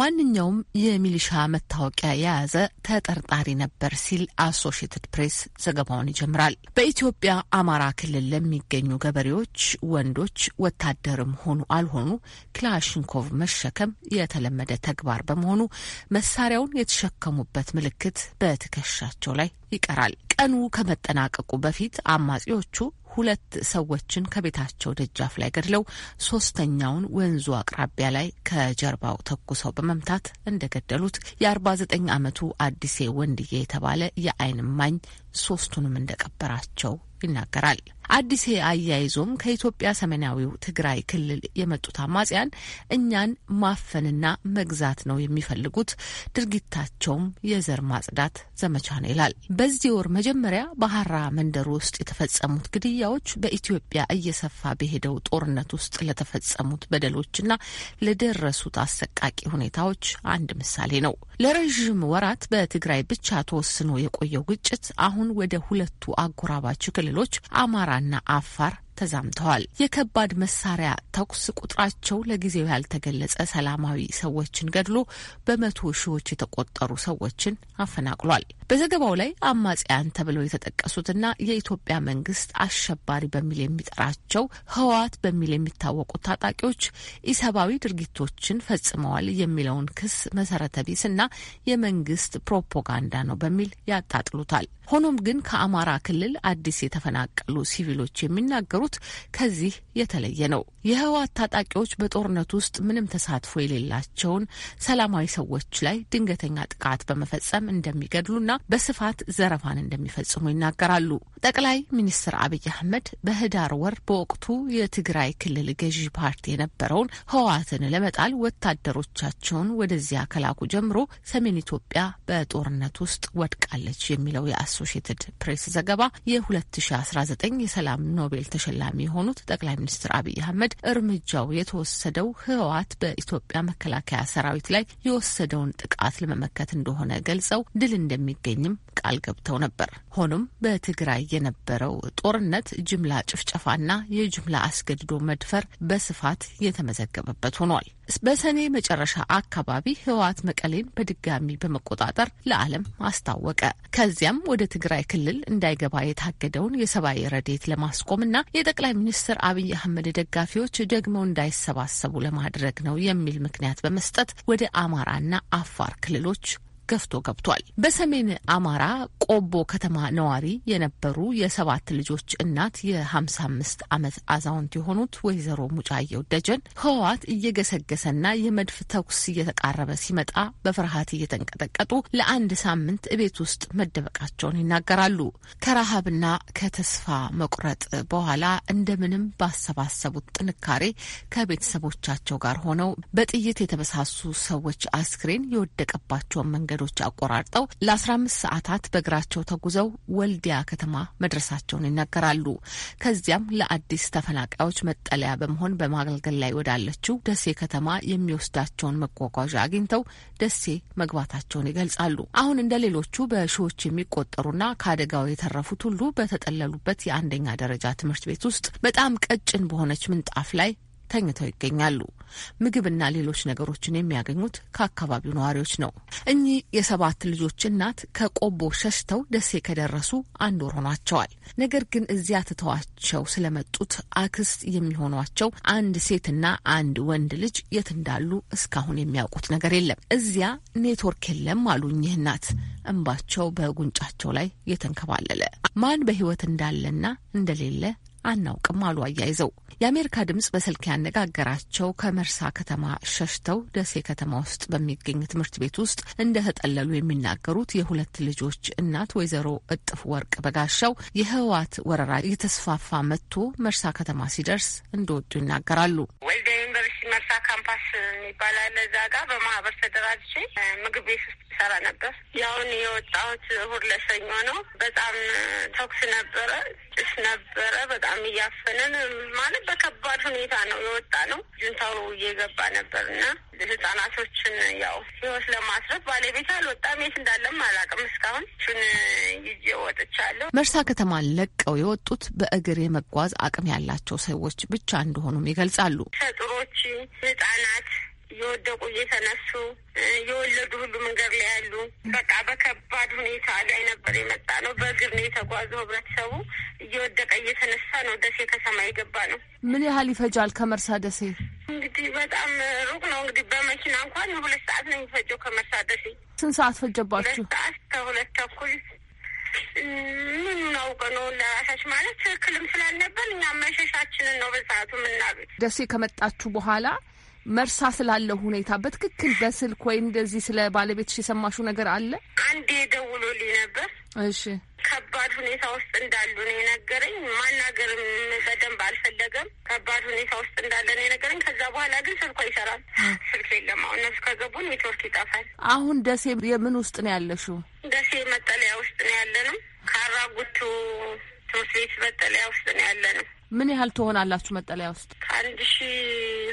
Speaker 6: ማንኛውም የሚሊሻ መታወቂያ የያዘ ተጠርጣሪ ነበር ሲል አሶሽትድ ፕሬስ ዘገባውን ይጀምራል። በኢትዮጵያ አማራ ክልል ለሚገኙ ገበሬዎች ወንዶች ወታደርም ሆኑ አልሆኑ ክላሽንኮቭ መሸከም የተለመደ ተግባር በመሆኑ መሳሪያውን የተሸከሙበት ምልክት በትከሻቸው ላይ ይቀራል። ቀኑ ከመጠናቀቁ በፊት አማጺዎቹ ሁለት ሰዎችን ከቤታቸው ደጃፍ ላይ ገድለው ሶስተኛውን ወንዙ አቅራቢያ ላይ ከጀርባው ተኩሰው በመምታት እንደገደሉት የ49 ዓመቱ አዲሴ ወንድዬ የተባለ የአይን እማኝ ሶስቱንም እንደቀበራቸው ይናገራል። አዲስ አያይዞም ከኢትዮጵያ ሰሜናዊው ትግራይ ክልል የመጡት አማጽያን እኛን ማፈንና መግዛት ነው የሚፈልጉት፣ ድርጊታቸውም የዘር ማጽዳት ዘመቻ ነው ይላል። በዚህ ወር መጀመሪያ ባህራ መንደር ውስጥ የተፈጸሙት ግድያዎች በኢትዮጵያ እየሰፋ በሄደው ጦርነት ውስጥ ለተፈጸሙት በደሎችና ለደረሱት አሰቃቂ ሁኔታዎች አንድ ምሳሌ ነው። ለረዥም ወራት በትግራይ ብቻ ተወስኖ የቆየው ግጭት አሁን ወደ ሁለቱ አጎራባች ክልሎች አማራ ና አፋር ተዛምተዋል። የከባድ መሳሪያ ተኩስ ቁጥራቸው ለጊዜው ያልተገለጸ ሰላማዊ ሰዎችን ገድሎ በመቶ ሺዎች የተቆጠሩ ሰዎችን አፈናቅሏል። በዘገባው ላይ አማጽያን ተብለው የተጠቀሱትና የኢትዮጵያ መንግስት አሸባሪ በሚል የሚጠራቸው ህወሓት በሚል የሚታወቁት ታጣቂዎች ኢሰብአዊ ድርጊቶችን ፈጽመዋል የሚለውን ክስ መሰረተ ቢስና የመንግስት ፕሮፓጋንዳ ነው በሚል ያጣጥሉታል። ሆኖም ግን ከአማራ ክልል አዲስ የተፈናቀሉ ሲቪሎች የሚናገሩ የነበሩት ከዚህ የተለየ ነው። የህወሓት ታጣቂዎች በጦርነት ውስጥ ምንም ተሳትፎ የሌላቸውን ሰላማዊ ሰዎች ላይ ድንገተኛ ጥቃት በመፈጸም እንደሚገድሉና በስፋት ዘረፋን እንደሚፈጽሙ ይናገራሉ። ጠቅላይ ሚኒስትር አብይ አህመድ በህዳር ወር በወቅቱ የትግራይ ክልል ገዢ ፓርቲ የነበረውን ህወሓትን ለመጣል ወታደሮቻቸውን ወደዚያ ከላኩ ጀምሮ ሰሜን ኢትዮጵያ በጦርነት ውስጥ ወድቃለች የሚለው የአሶሽየትድ ፕሬስ ዘገባ የ2019 የሰላም ኖቤል ተሸላ ተሸላሚ የሆኑት ጠቅላይ ሚኒስትር አብይ አህመድ እርምጃው የተወሰደው ህወሓት በኢትዮጵያ መከላከያ ሰራዊት ላይ የወሰደውን ጥቃት ለመመከት እንደሆነ ገልጸው ድል እንደሚገኝም ቃል ገብተው ነበር። ሆኖም በትግራይ የነበረው ጦርነት ጅምላ ጭፍጨፋና የጅምላ አስገድዶ መድፈር በስፋት የተመዘገበበት ሆኗል። በሰኔ መጨረሻ አካባቢ ህወሓት መቀሌን በድጋሚ በመቆጣጠር ለዓለም አስታወቀ። ከዚያም ወደ ትግራይ ክልል እንዳይገባ የታገደውን የሰብአዊ ረዴት ለማስቆምና የጠቅላይ ሚኒስትር አብይ አህመድ ደጋፊዎች ደግመው እንዳይሰባሰቡ ለማድረግ ነው የሚል ምክንያት በመስጠት ወደ አማራና አፋር ክልሎች ገፍቶ ገብቷል። በሰሜን አማራ ቆቦ ከተማ ነዋሪ የነበሩ የሰባት ልጆች እናት የሀምሳ አምስት ዓመት አዛውንት የሆኑት ወይዘሮ ሙጫየው ደጀን ህወሓት እየገሰገሰና የመድፍ ተኩስ እየተቃረበ ሲመጣ በፍርሃት እየተንቀጠቀጡ ለአንድ ሳምንት እቤት ውስጥ መደበቃቸውን ይናገራሉ። ከረሃብና ከተስፋ መቁረጥ በኋላ እንደምንም ባሰባሰቡት ጥንካሬ ከቤተሰቦቻቸው ጋር ሆነው በጥይት የተበሳሱ ሰዎች አስክሬን የወደቀባቸውን መንገድ መንገዶች አቆራርጠው ለ15 ሰዓታት በእግራቸው ተጉዘው ወልዲያ ከተማ መድረሳቸውን ይናገራሉ። ከዚያም ለአዲስ ተፈናቃዮች መጠለያ በመሆን በማገልገል ላይ ወዳለችው ደሴ ከተማ የሚወስዳቸውን መጓጓዣ አግኝተው ደሴ መግባታቸውን ይገልጻሉ። አሁን እንደ ሌሎቹ በሺዎች የሚቆጠሩና ከአደጋው የተረፉት ሁሉ በተጠለሉበት የአንደኛ ደረጃ ትምህርት ቤት ውስጥ በጣም ቀጭን በሆነች ምንጣፍ ላይ ተኝተው ይገኛሉ። ምግብና ሌሎች ነገሮችን የሚያገኙት ከአካባቢው ነዋሪዎች ነው። እኚህ የሰባት ልጆች እናት ከቆቦ ሸሽተው ደሴ ከደረሱ አንድ ወር ሆኗቸዋል። ነገር ግን እዚያ ትተዋቸው ስለመጡት አክስት የሚሆኗቸው አንድ ሴትና አንድ ወንድ ልጅ የት እንዳሉ እስካሁን የሚያውቁት ነገር የለም። እዚያ ኔትወርክ የለም አሉ እኚህ እናት፣ እንባቸው በጉንጫቸው ላይ የተንከባለለ። ማን በህይወት እንዳለና እንደሌለ አናውቅም አሉ አያይዘው። የአሜሪካ ድምጽ በስልክ ያነጋገራቸው ከመርሳ ከተማ ሸሽተው ደሴ ከተማ ውስጥ በሚገኝ ትምህርት ቤት ውስጥ እንደተጠለሉ የሚናገሩት የሁለት ልጆች እናት ወይዘሮ እጥፍ ወርቅ በጋሻው የህወሓት ወረራ እየተስፋፋ መጥቶ መርሳ ከተማ ሲደርስ እንደወጡ ይናገራሉ።
Speaker 7: ወልዲያ ዩኒቨርሲቲ መርሳ ካምፓስ የሚባል እዛ ጋር በማህበር ተደራጅቼ ምግብ ቤት ውስጥ ሰራ ነበር። ያሁን የወጣሁት ለሰኞ ነው። በጣም ተኩስ ነበረ ጭስ ነበረ። በጣም እያፈነን ማለት በከባድ ሁኔታ ነው የወጣ ነው። ጁንታው እየገባ ነበር እና ህጻናቶችን ያው ህይወት ለማስረት ባለቤት አልወጣም፣ የት እንዳለም አላውቅም። እስካሁን እሱን ይዤ ወጥቻለሁ።
Speaker 6: መርሳ ከተማን ለቀው የወጡት በእግር የመጓዝ አቅም ያላቸው ሰዎች ብቻ እንደሆኑም ይገልጻሉ።
Speaker 7: ሸጥሮች፣ ህጻናት የወደቁ እየተነሱ የወለዱ ሁሉ መንገድ ላይ ያሉ በቃ በከባድ ሁኔታ ላይ ነበር የመጣ ነው። በእግር ነው የተጓዘው ህብረተሰቡ እየወደቀ እየተነሳ ነው። ደሴ ከሰማይ የገባ ነው።
Speaker 6: ምን ያህል ይፈጃል ከመርሳ ደሴ?
Speaker 7: እንግዲህ በጣም ሩቅ ነው። እንግዲህ በመኪና እንኳን ሁለት ሰዓት ነው የሚፈጀው ከመርሳ ደሴ።
Speaker 6: ስንት ሰዓት ፈጀባችሁ? ሁለት ሰዓት
Speaker 7: ከሁለት ተኩል ምን አውቀ ነው ለራሳች ማለት ትክክልም ስላልነበር እኛ
Speaker 6: መሸሻችንን ነው በሰዓቱ የምናገኝ። ደሴ ከመጣችሁ በኋላ መርሳ ስላለው ሁኔታ በትክክል በስልክ ወይ እንደዚህ ስለ ባለቤትሽ የሰማሹ ነገር አለ? አንዴ ደውሎልኝ ነበር። እሺ ከባድ
Speaker 8: ሁኔታ ውስጥ
Speaker 7: እንዳሉ ነው የነገረኝ። ማናገርም በደንብ አልፈለገም። ከባድ ሁኔታ ውስጥ እንዳለ ነው የነገረኝ። ከዛ በኋላ ግን ስልኮ ይሰራል። ስልክ የለም። አሁን እነሱ ከገቡ ኔትወርክ ይጠፋል።
Speaker 6: አሁን ደሴ የምን ውስጥ ነው ያለሽው?
Speaker 7: ደሴ መጠለያ ውስጥ ነው ነው። ካራጉቱ ትምህርት ቤት መጠለያ
Speaker 6: ውስጥ ነው ነው። ምን ያህል ትሆናላችሁ መጠለያ ውስጥ?
Speaker 7: ከአንድ ሺ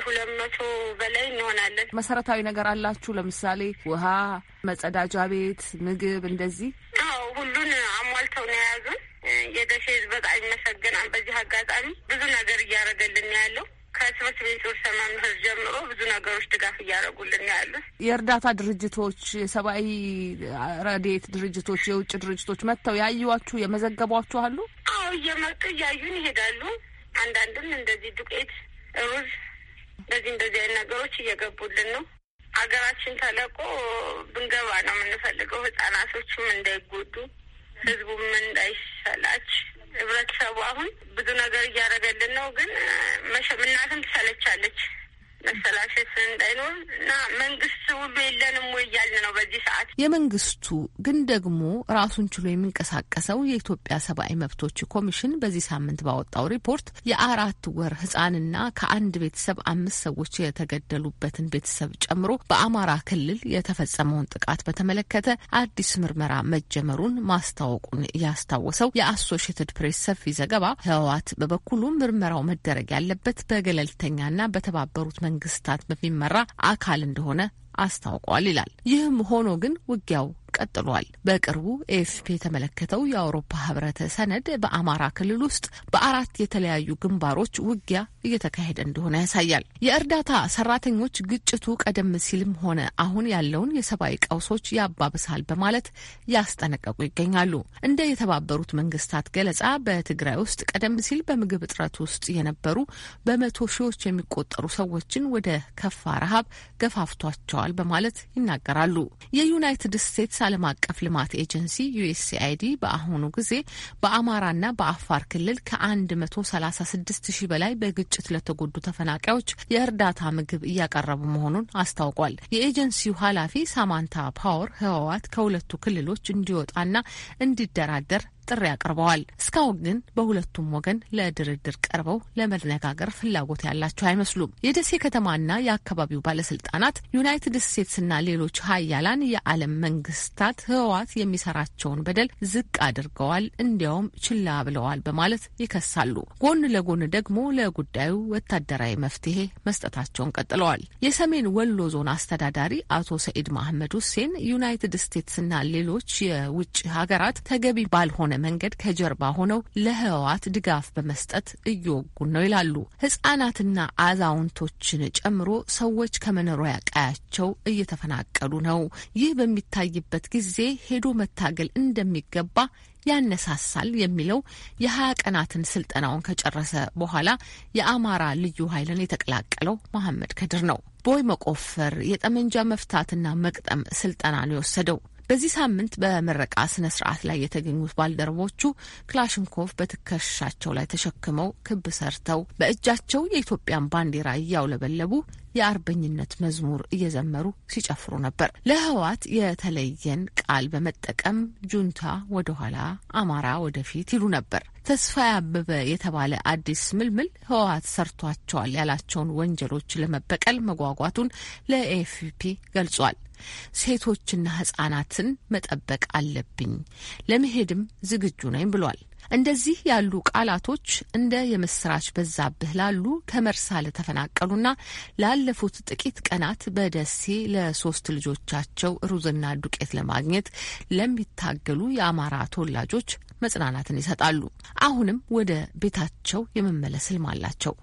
Speaker 7: ሁለት መቶ በላይ እንሆናለን።
Speaker 6: መሰረታዊ ነገር አላችሁ? ለምሳሌ ውሃ፣ መጸዳጃ ቤት፣ ምግብ እንደዚህ ሁሉን አሟልተው ነው የያዙን።
Speaker 7: የደሴ ሕዝብ በጣም ይመሰገናል። በዚህ አጋጣሚ ብዙ ነገር እያደረገልን ያለው ከትምህርት ቤቶች መምህር
Speaker 6: ጀምሮ ብዙ ነገሮች ድጋፍ እያደረጉልን ያሉት የእርዳታ ድርጅቶች፣ የሰብአዊ ረዴት ድርጅቶች፣ የውጭ ድርጅቶች መጥተው ያዩዋችሁ የመዘገቧችሁ አሉ?
Speaker 7: አዎ እየመጡ እያዩን ይሄዳሉ። አንዳንድም እንደዚህ ዱቄት፣ ሩዝ፣ እንደዚህ እንደዚህ አይነት ነገሮች እየገቡልን ነው። ሀገራችን ተለቆ ብንገባ ነው የምንፈልገው። ህጻናቶችም እንዳይጎዱ ህዝቡም እንዳይሰላች ህብረተሰቡ አሁን ብዙ ነገር እያደረገልን ነው። ግን እናትም ትሰለቻለች መሰላሸት እንዳይኖር እና መንግስት የለንም ወይ እያልን ነው
Speaker 6: በዚህ ሰዓት። የመንግስቱ ግን ደግሞ ራሱን ችሎ የሚንቀሳቀሰው የኢትዮጵያ ሰብአዊ መብቶች ኮሚሽን በዚህ ሳምንት ባወጣው ሪፖርት የአራት ወር ህጻንና ከአንድ ቤተሰብ አምስት ሰዎች የተገደሉበትን ቤተሰብ ጨምሮ በአማራ ክልል የተፈጸመውን ጥቃት በተመለከተ አዲስ ምርመራ መጀመሩን ማስታወቁን ያስታወሰው የአሶሽትድ ፕሬስ ሰፊ ዘገባ ህወሓት በበኩሉ ምርመራው መደረግ ያለበት በገለልተኛና በተባበሩት መንግስታት መንግስታት በሚመራ አካል እንደሆነ አስታውቋል ይላል። ይህም ሆኖ ግን ውጊያው ቀጥሏል። በቅርቡ ኤኤፍፒ የተመለከተው የአውሮፓ ህብረት ሰነድ በአማራ ክልል ውስጥ በአራት የተለያዩ ግንባሮች ውጊያ እየተካሄደ እንደሆነ ያሳያል። የእርዳታ ሰራተኞች ግጭቱ ቀደም ሲልም ሆነ አሁን ያለውን የሰብአዊ ቀውሶች ያባብሳል በማለት ያስጠነቀቁ ይገኛሉ። እንደ የተባበሩት መንግስታት ገለጻ በትግራይ ውስጥ ቀደም ሲል በምግብ እጥረት ውስጥ የነበሩ በመቶ ሺዎች የሚቆጠሩ ሰዎችን ወደ ከፋ ረሃብ ገፋፍቷቸዋል በማለት ይናገራሉ። የዩናይትድ ስቴትስ ዓለም አቀፍ ልማት ኤጀንሲ ዩኤስአይዲ በአሁኑ ጊዜ በአማራና በአፋር ክልል ከ136 ሺህ በላይ በግጭት ለተጎዱ ተፈናቃዮች የእርዳታ ምግብ እያቀረቡ መሆኑን አስታውቋል። የኤጀንሲው ኃላፊ ሳማንታ ፓወር ህወሓት ከሁለቱ ክልሎች እንዲወጣና እንዲደራደር ጥሪ አቅርበዋል። እስካሁን ግን በሁለቱም ወገን ለድርድር ቀርበው ለመነጋገር ፍላጎት ያላቸው አይመስሉም። የደሴ ከተማና የአካባቢው ባለስልጣናት ዩናይትድ ስቴትስና ሌሎች ሀያላን የዓለም መንግስታት ህወሓት የሚሰራቸውን በደል ዝቅ አድርገዋል፣ እንዲያውም ችላ ብለዋል በማለት ይከሳሉ። ጎን ለጎን ደግሞ ለጉዳዩ ወታደራዊ መፍትሄ መስጠታቸውን ቀጥለዋል። የሰሜን ወሎ ዞን አስተዳዳሪ አቶ ሰኢድ መሐመድ ሁሴን ዩናይትድ ስቴትስና ሌሎች የውጭ ሀገራት ተገቢ ባልሆነ መንገድ ከጀርባ ሆነው ለህወሓት ድጋፍ በመስጠት እየወጉን ነው ይላሉ። ህጻናትና አዛውንቶችን ጨምሮ ሰዎች ከመኖሪያ ቀያቸው እየተፈናቀሉ ነው። ይህ በሚታይበት ጊዜ ሄዶ መታገል እንደሚገባ ያነሳሳል የሚለው የሀያ ቀናትን ስልጠናውን ከጨረሰ በኋላ የአማራ ልዩ ኃይልን የተቀላቀለው መሐመድ ከድር ነው። ቦይ መቆፈር፣ የጠመንጃ መፍታትና መቅጠም ስልጠናን የወሰደው በዚህ ሳምንት በምረቃ ስነ ስርዓት ላይ የተገኙት ባልደረቦቹ ክላሽንኮቭ በትከሻቸው ላይ ተሸክመው ክብ ሰርተው በእጃቸው የኢትዮጵያን ባንዲራ እያውለበለቡ የአርበኝነት መዝሙር እየዘመሩ ሲጨፍሩ ነበር። ለህወሓት የተለየን ቃል በመጠቀም ጁንታ ወደኋላ፣ አማራ ወደፊት ይሉ ነበር። ተስፋ ያበበ የተባለ አዲስ ምልምል ህወሓት ሰርቷቸዋል ያላቸውን ወንጀሎች ለመበቀል መጓጓቱን ለኤፍፒ ገልጿል። ሴቶችና ህጻናትን መጠበቅ አለብኝ፣ ለመሄድም ዝግጁ ነኝ ብሏል። እንደዚህ ያሉ ቃላቶች እንደ የምስራች በዛብህ ላሉ ከመርሳ ለተፈናቀሉና ላለፉት ጥቂት ቀናት በደሴ ለሶስት ልጆቻቸው ሩዝና ዱቄት ለማግኘት ለሚታገሉ የአማራ ተወላጆች መጽናናትን ይሰጣሉ። አሁንም ወደ ቤታቸው የመመለስ ህልም አላቸው።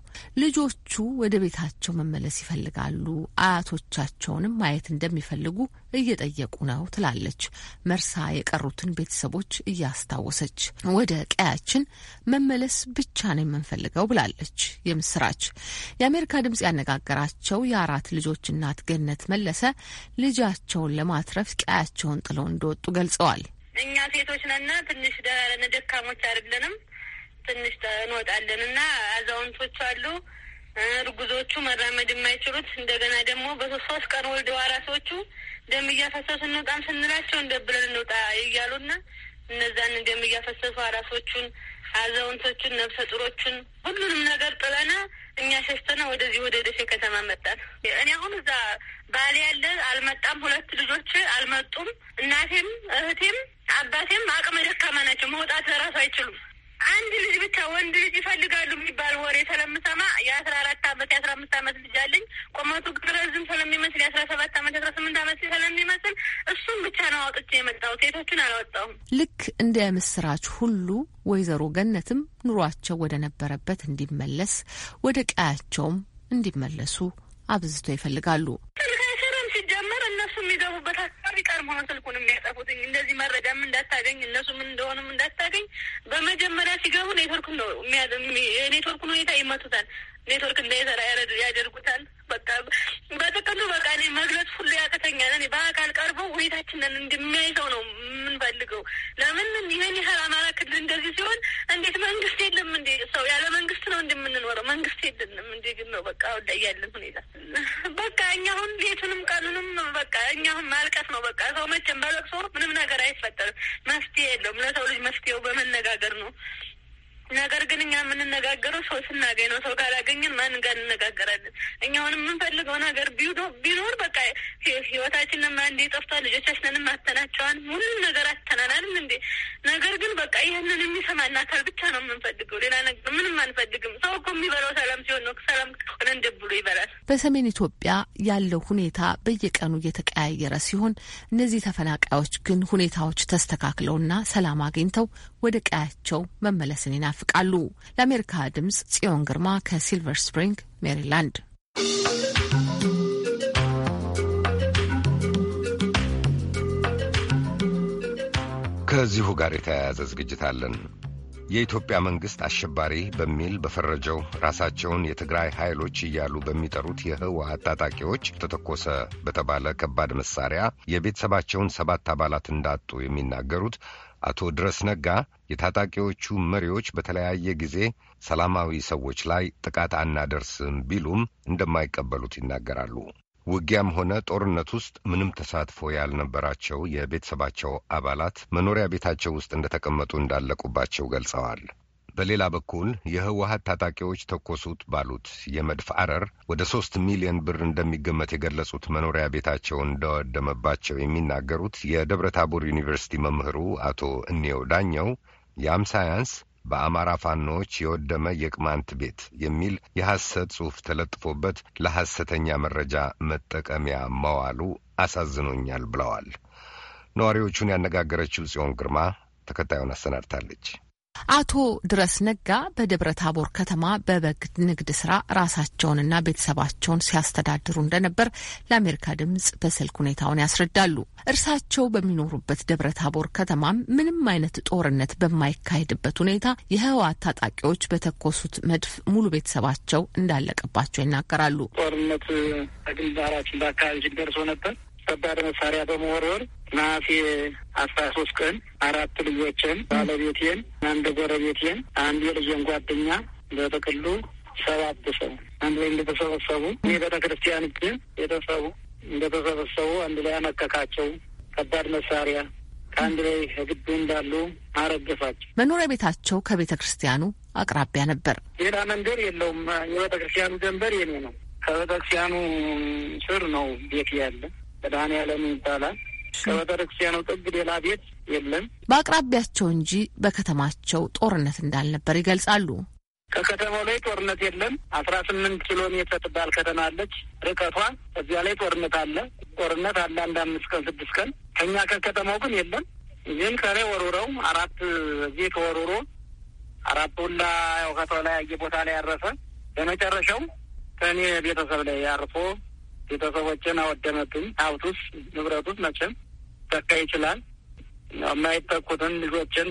Speaker 6: ልጆቹ ወደ ቤታቸው መመለስ ይፈልጋሉ። አያቶቻቸውንም ማየት እንደሚፈልጉ እየጠየቁ ነው ትላለች መርሳ የቀሩትን ቤተሰቦች እያስታወሰች። ወደ ቀያችን መመለስ ብቻ ነው የምንፈልገው ብላለች የምስራች። የአሜሪካ ድምጽ ያነጋገራቸው የአራት ልጆች እናት ገነት መለሰ ልጃቸውን ለማትረፍ ቀያቸውን ጥለው እንደወጡ ገልጸዋል።
Speaker 7: እኛ ሴቶች ነና ትንሽ ደካሞች አይደለንም ትንሽ እንወጣለን እና አዛውንቶች አሉ፣ እርጉዞቹ መራመድ የማይችሉት እንደገና ደግሞ በሶስት ቀን ወልደው አራሶቹ ደም እያፈሰሱ ስንላቸው እንደ ብለን እንውጣ እያሉና እነዛን ደም እያፈሰሱ አራሶቹን፣ አዛውንቶቹን፣ ነብሰ ጡሮቹን ሁሉንም ነገር ጥለና እኛ ሸሽተና ወደዚህ ወደ ደሴ ከተማ መጣን። እኔ አሁን እዛ ባሌ ያለ አልመጣም፣ ሁለት ልጆች አልመጡም። እናቴም እህቴም አባቴም አቅመ ደካማ ናቸው። መውጣት ራሱ አይችሉም። አንድ ልጅ ብቻ ወንድ ልጅ ይፈልጋሉ የሚባል ወሬ ስለምሰማ የአስራ አራት አመት የአስራ አምስት አመት ልጅ አለኝ። ቁመቱ ረዝም ስለሚመስል የአስራ ሰባት አመት የአስራ ስምንት አመት ስለሚመስል እሱም ብቻ ነው አውጥቼ የመጣው፣ ሴቶችን አላወጣሁም።
Speaker 6: ልክ እንደ ምስራች ሁሉ ወይዘሮ ገነትም ኑሯቸው ወደ ነበረበት እንዲመለስ ወደ ቀያቸውም እንዲመለሱ አብዝቶ ይፈልጋሉ።
Speaker 7: ፋብሪካ መሆን ስልኩን የሚያጠፉትኝ እንደዚህ መረጃም እንዳታገኝ እነሱ ምን እንደሆነም እንዳታገኝ በመጀመሪያ ሲገቡ ኔትወርክ ነው የኔትወርኩን ሁኔታ ይመቱታል። ኔትወርክ እንዳይሰራ ያደርጉታል። በቃ በጥቅሉ በቃ እኔ መግለጽ ሁሉ ያቅተኛል። እኔ በአካል ቀርቦ ሁኔታችንን እንደሚያይ ሰው ነው የምንፈልገው። ለምን ይህን ያህል አማራ ክልል እንደዚህ ሲሆን እንዴት መንግስት የለም እንዴ? ሰው ያለ መንግስት ነው እንደምንኖረው መንግስት የለንም እንዴ? ግን ነው በቃ አሁን ላይ ያለን ሁኔታ በቃ እኛ አሁን ሌቱንም ቀኑንም በቃ እኛ አሁን ማልቀስ ነው በቃ ሰው መቼም በለቅሶ ምንም ነገር አይፈጠርም። መፍትሄ የለውም። ለሰው ልጅ መፍትሄው በመነጋገር ነው። ነገር ግን እኛ የምንነጋገረው ሰው ስናገኝ ነው። ሰው ካላገኘን ማን ጋር እንነጋገራለን? እኛውን የምንፈልገው ነገር ቢኖር በቃ ህይወታችንማ እንዴ ጠፍቷል። ልጆቻችንንም አተናቸዋል። ሁሉም ነገር አተናናልም እንዴ። ነገር ግን በቃ ይህንን የሚሰማን አካል ብቻ ነው የምንፈልገው። ሌላ ነገር ምንም አንፈልግም። ሰው እኮ የሚበላው ሰላም ሲሆን ነው። ሰላም ከሆነ እንደ ብሎ
Speaker 6: ይበላል። በሰሜን ኢትዮጵያ ያለው ሁኔታ በየቀኑ እየተቀያየረ ሲሆን እነዚህ ተፈናቃዮች ግን ሁኔታዎች ተስተካክለውና ሰላም አግኝተው ወደ ቀያቸው መመለስን ይናፍቃሉ። ለአሜሪካ ድምጽ ጽዮን ግርማ ከሲልቨር ስፕሪንግ ሜሪላንድ።
Speaker 1: ከዚሁ ጋር የተያያዘ ዝግጅት አለን። የኢትዮጵያ መንግሥት አሸባሪ በሚል በፈረጀው ራሳቸውን የትግራይ ኃይሎች እያሉ በሚጠሩት የህወሓት ታጣቂዎች ተተኮሰ በተባለ ከባድ መሳሪያ የቤተሰባቸውን ሰባት አባላት እንዳጡ የሚናገሩት አቶ ድረስ ነጋ የታጣቂዎቹ መሪዎች በተለያየ ጊዜ ሰላማዊ ሰዎች ላይ ጥቃት አናደርስም ቢሉም እንደማይቀበሉት ይናገራሉ። ውጊያም ሆነ ጦርነት ውስጥ ምንም ተሳትፎ ያልነበራቸው የቤተሰባቸው አባላት መኖሪያ ቤታቸው ውስጥ እንደተቀመጡ እንዳለቁባቸው ገልጸዋል። በሌላ በኩል የህወሀት ታጣቂዎች ተኮሱት ባሉት የመድፍ አረር ወደ ሶስት ሚሊዮን ብር እንደሚገመት የገለጹት መኖሪያ ቤታቸው እንደወደመባቸው የሚናገሩት የደብረ ታቦር ዩኒቨርሲቲ መምህሩ አቶ እኔው ዳኘው ያም ሳያንስ በአማራ ፋኖዎች የወደመ የቅማንት ቤት የሚል የሐሰት ጽሑፍ ተለጥፎበት ለሐሰተኛ መረጃ መጠቀሚያ መዋሉ አሳዝኖኛል ብለዋል። ነዋሪዎቹን ያነጋገረችው ጽዮን ግርማ ተከታዩን አሰናድታለች።
Speaker 8: አቶ
Speaker 6: ድረስ ነጋ በደብረ ታቦር ከተማ በበግ ንግድ ስራ ራሳቸውንና ቤተሰባቸውን ሲያስተዳድሩ እንደነበር ለአሜሪካ ድምጽ በስልክ ሁኔታውን ያስረዳሉ። እርሳቸው በሚኖሩበት ደብረ ታቦር ከተማም ምንም አይነት ጦርነት በማይካሄድበት ሁኔታ የህወሓት ታጣቂዎች በተኮሱት መድፍ ሙሉ ቤተሰባቸው እንዳለቀባቸው ይናገራሉ።
Speaker 3: ጦርነት በግንባራችን በአካባቢ ደርሶ ነበር። ከባድ መሳሪያ በመወርወር ነሐሴ አስራ ሶስት ቀን አራት ልጆችን፣ ባለቤቴን፣ አንድ ጎረቤቴን፣ አንድ የልጅን ጓደኛ በጥቅሉ ሰባት ሰው አንድ ላይ እንደተሰበሰቡ እኔ ቤተ ክርስቲያን እጅ ቤተሰቡ እንደተሰበሰቡ አንድ ላይ አመከካቸው። ከባድ መሳሪያ ከአንድ ላይ ግዱ እንዳሉ አረገፋቸው።
Speaker 6: መኖሪያ ቤታቸው ከቤተ ክርስቲያኑ አቅራቢያ ነበር።
Speaker 3: ሌላ መንደር የለውም። የቤተ ክርስቲያኑ ደንበር የኔ ነው። ከቤተ ክርስቲያኑ ስር ነው ቤት ያለ መድኃኔዓለም ይባላል። ከቤተክርስቲያኑ ጥግ ሌላ ቤት የለም።
Speaker 6: በአቅራቢያቸው እንጂ በከተማቸው ጦርነት እንዳልነበር ይገልጻሉ።
Speaker 3: ከከተማው ላይ ጦርነት የለም። አስራ ስምንት ኪሎ ሜትር ትባል ከተማ አለች ርቀቷ። እዚያ ላይ ጦርነት አለ ጦርነት አለ አንድ አምስት ቀን ስድስት ቀን ከእኛ ከከተማው ግን የለም። ግን ከላይ ወሩረው አራት እዚህ ተወሩሮ አራት ሁላ ያው ላይ አየ ቦታ ላይ ያረፈ በመጨረሻው ከእኔ ቤተሰብ ላይ አርፎ ቤተሰቦችን አወደመብኝ። ሀብቱስ ንብረቱስ መቼም ተካ ይችላል የማይተኩትን ልጆችን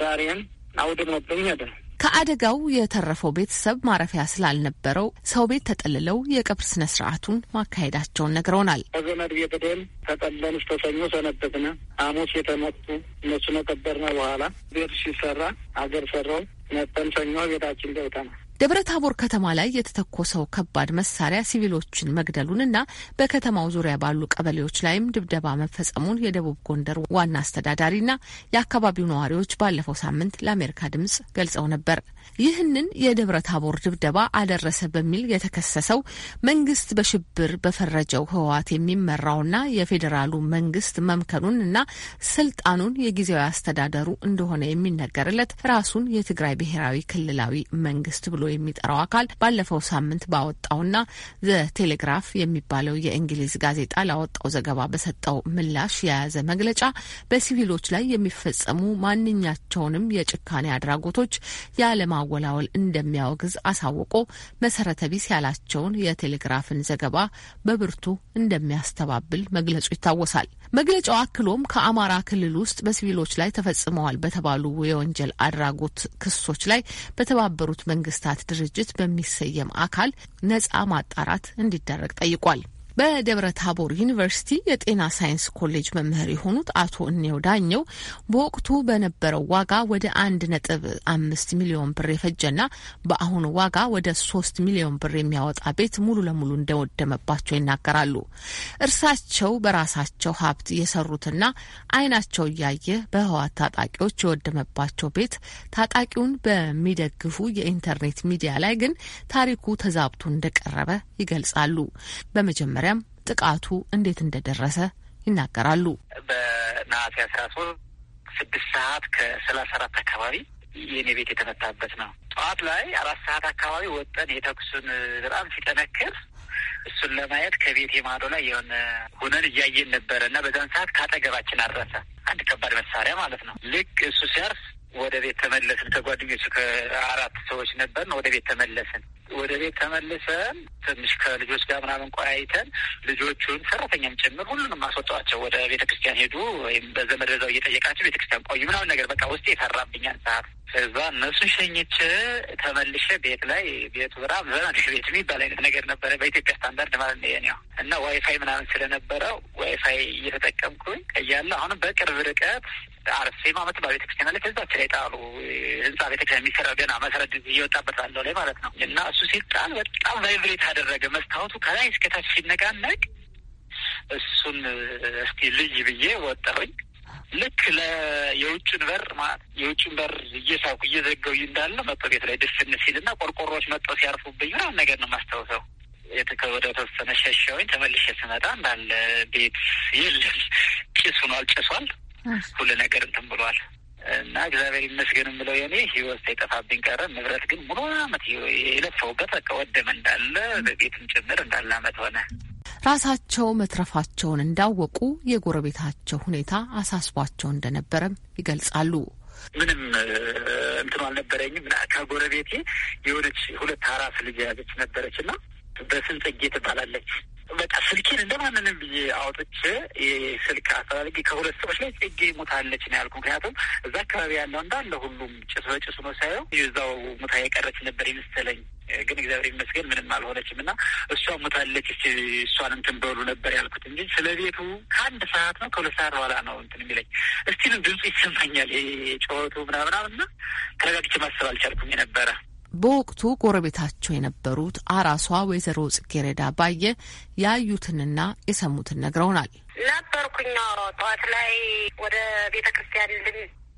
Speaker 3: ዳሬን አውድሞብኝ ሄደ።
Speaker 6: ከአደጋው የተረፈው ቤተሰብ ማረፊያ ስላልነበረው ሰው ቤት ተጠልለው የቀብር ስነ ስርዓቱን ማካሄዳቸውን ነግረውናል።
Speaker 3: ከዘመድ ቤት ተጠለን ስተሰኞ ሰነበትነ። ሐሙስ የተመቱ እነሱ መቀበርነ። በኋላ ቤቱ ሲሰራ አገር ሰራው መጠን ሰኞ ቤታችን ገብተናል።
Speaker 6: ደብረ ታቦር ከተማ ላይ የተተኮሰው ከባድ መሳሪያ ሲቪሎችን መግደሉንና በከተማው ዙሪያ ባሉ ቀበሌዎች ላይም ድብደባ መፈጸሙን የደቡብ ጎንደር ዋና አስተዳዳሪና የአካባቢው ነዋሪዎች ባለፈው ሳምንት ለአሜሪካ ድምጽ ገልጸው ነበር። ይህንን የደብረ ታቦር ድብደባ አደረሰ በሚል የተከሰሰው መንግስት በሽብር በፈረጀው ህወሓት የሚመራውና የፌዴራሉ መንግስት መምከኑን እና ስልጣኑን የጊዜያዊ አስተዳደሩ እንደሆነ የሚነገርለት ራሱን የትግራይ ብሔራዊ ክልላዊ መንግስት ብሎ የሚጠራው አካል ባለፈው ሳምንት ባወጣውና ዘ ቴሌግራፍ የሚባለው የእንግሊዝ ጋዜጣ ላወጣው ዘገባ በሰጠው ምላሽ የያዘ መግለጫ በሲቪሎች ላይ የሚፈጸሙ ማንኛቸውንም የጭካኔ አድራጎቶች ያለማወላወል እንደሚያወግዝ አሳውቆ መሰረተ ቢስ ያላቸውን የቴሌግራፍን ዘገባ በብርቱ እንደሚያስተባብል መግለጹ ይታወሳል። መግለጫው አክሎም ከአማራ ክልል ውስጥ በሲቪሎች ላይ ተፈጽመዋል በተባሉ የወንጀል አድራጎት ክሶች ላይ በተባበሩት መንግስታት ድርጅት በሚሰየም አካል ነጻ ማጣራት እንዲደረግ ጠይቋል። በደብረ ታቦር ዩኒቨርሲቲ የጤና ሳይንስ ኮሌጅ መምህር የሆኑት አቶ እኔው ዳኘው በወቅቱ በነበረው ዋጋ ወደ አንድ ነጥብ አምስት ሚሊዮን ብር የፈጀና በአሁኑ ዋጋ ወደ ሶስት ሚሊዮን ብር የሚያወጣ ቤት ሙሉ ለሙሉ እንደወደመባቸው ይናገራሉ። እርሳቸው በራሳቸው ሀብት የሰሩትና አይናቸው እያየ በህዋት ታጣቂዎች የወደመባቸው ቤት ታጣቂውን በሚደግፉ የኢንተርኔት ሚዲያ ላይ ግን ታሪኩ ተዛብቶ እንደቀረበ ይገልጻሉ። በመጀመሪያ ማርያም ጥቃቱ እንዴት እንደደረሰ ይናገራሉ።
Speaker 4: በነሐሴ አስራ ሶስት ስድስት ሰዓት ከሰላሳ አራት አካባቢ የእኔ ቤት የተመታበት ነው። ጠዋት ላይ አራት ሰዓት አካባቢ ወጠን የተኩሱን በጣም ሲጠነክር እሱን ለማየት ከቤት የማዶ ላይ የሆነ ሁነን እያየን ነበረ እና በዛን ሰዓት ካጠገባችን አረሰ አንድ ከባድ መሳሪያ ማለት ነው። ልክ እሱ ሲያርፍ ወደ ቤት ተመለስን። ከጓደኞቹ ከአራት ሰዎች ነበርን። ወደ ቤት ተመለስን። ወደ ቤት ተመልሰን ትንሽ ከልጆች ጋር ምናምን ቆያይተን ልጆቹን ሰራተኛም ጭምር ሁሉንም አስወጣዋቸው ወደ ቤተ ክርስቲያን ሄዱ ወይም በዘመድ በዛው እየጠየቃቸው ቤተ ክርስቲያን ቆዩ ምናምን ነገር በቃ ውስጥ የፈራብኛል ሰዓት እዛ እነሱ ሸኝቼ ተመልሼ ቤት ላይ ቤቱ ብራ ዘመናዊ ቤት የሚባል አይነት ነገር ነበረ በኢትዮጵያ ስታንዳርድ ማለት ነው የኔው እና ዋይፋይ ምናምን ስለነበረው ዋይፋይ እየተጠቀምኩኝ እያለ አሁንም በቅርብ ርቀት አርሴ ማመት ባ ቤተክርስቲያን ላይ ከዛች ላይ ጣሉ ህንጻ ቤተክርስቲያን የሚሰራው ገና መሰረት እየወጣበት ባለው ላይ ማለት ነው እና እሱ ሲጣል በጣም ቫይብሬት አደረገ መስታወቱ ከላይ እስከታች ሲነቃነቅ። እሱን እስቲ ልይ ብዬ ወጣሁኝ። ልክ ለየውጭን በር የውጭን በር እየሳኩ እየዘጋው እንዳለ መጥቶ ቤት ላይ ድፍን ሲልና ቆርቆሮዎች መጥተው ሲያርፉብኝ ምናምን ነገር ነው ማስታወሰው። ወደ ተወሰነ ሸሸውኝ። ተመልሼ ስመጣ እንዳለ ቤት የለም፣ ጭስ ሆኗል፣ ጭሷል፣ ሁሉ ነገር እንትን ብሏል። እና እግዚአብሔር ይመስገን ብለው የኔ ህይወት ሳይጠፋብኝ ቀረ። ንብረት ግን ሙሉ አመት የለፈውበት በቃ ወደመ እንዳለ በቤትም ጭምር
Speaker 8: እንዳለ አመት ሆነ።
Speaker 6: ራሳቸው መትረፋቸውን እንዳወቁ የጎረቤታቸው ሁኔታ አሳስቧቸው እንደነበረም ይገልጻሉ።
Speaker 8: ምንም እንትኑ
Speaker 4: አልነበረኝም። ከጎረቤቴ የሆነች ሁለት አራስ ልጅ ያዘች ነበረች እና በስንጽጌ ትባላለች በቃ ስልኬን እንደ ማንንም ብዬ አውጥቼ የስልክ አፈላልጌ ከሁለት ሰዎች ላይ ጽጌ ሙታለች ነው ያልኩ። ምክንያቱም እዛ አካባቢ ያለው እንዳለ ሁሉም ጭስ በጭሱ ነው ሳየው እዛው ሙታ የቀረች ነበር ይመስለኝ። ግን እግዚአብሔር ይመስገን ምንም አልሆነችም እና እሷ ሙታለች ስ እሷን እንትን በሉ ነበር ያልኩት እንጂ ስለ ቤቱ ከአንድ ሰዓት ነው ከሁለት ሰዓት በኋላ ነው እንትን የሚለኝ እስቲንም ድምፁ ይሰማኛል ጨወቱ ምናምናም እና ተረጋግቼ
Speaker 3: ማሰብ አልቻልኩም ነበረ።
Speaker 6: በወቅቱ ጎረቤታቸው የነበሩት አራሷ ወይዘሮ ጽጌረዳ ባየ ያዩትንና የሰሙትን ነግረውናል።
Speaker 3: ነበርኩኝ
Speaker 6: ጠዋት
Speaker 7: ላይ ወደ ቤተ ክርስቲያን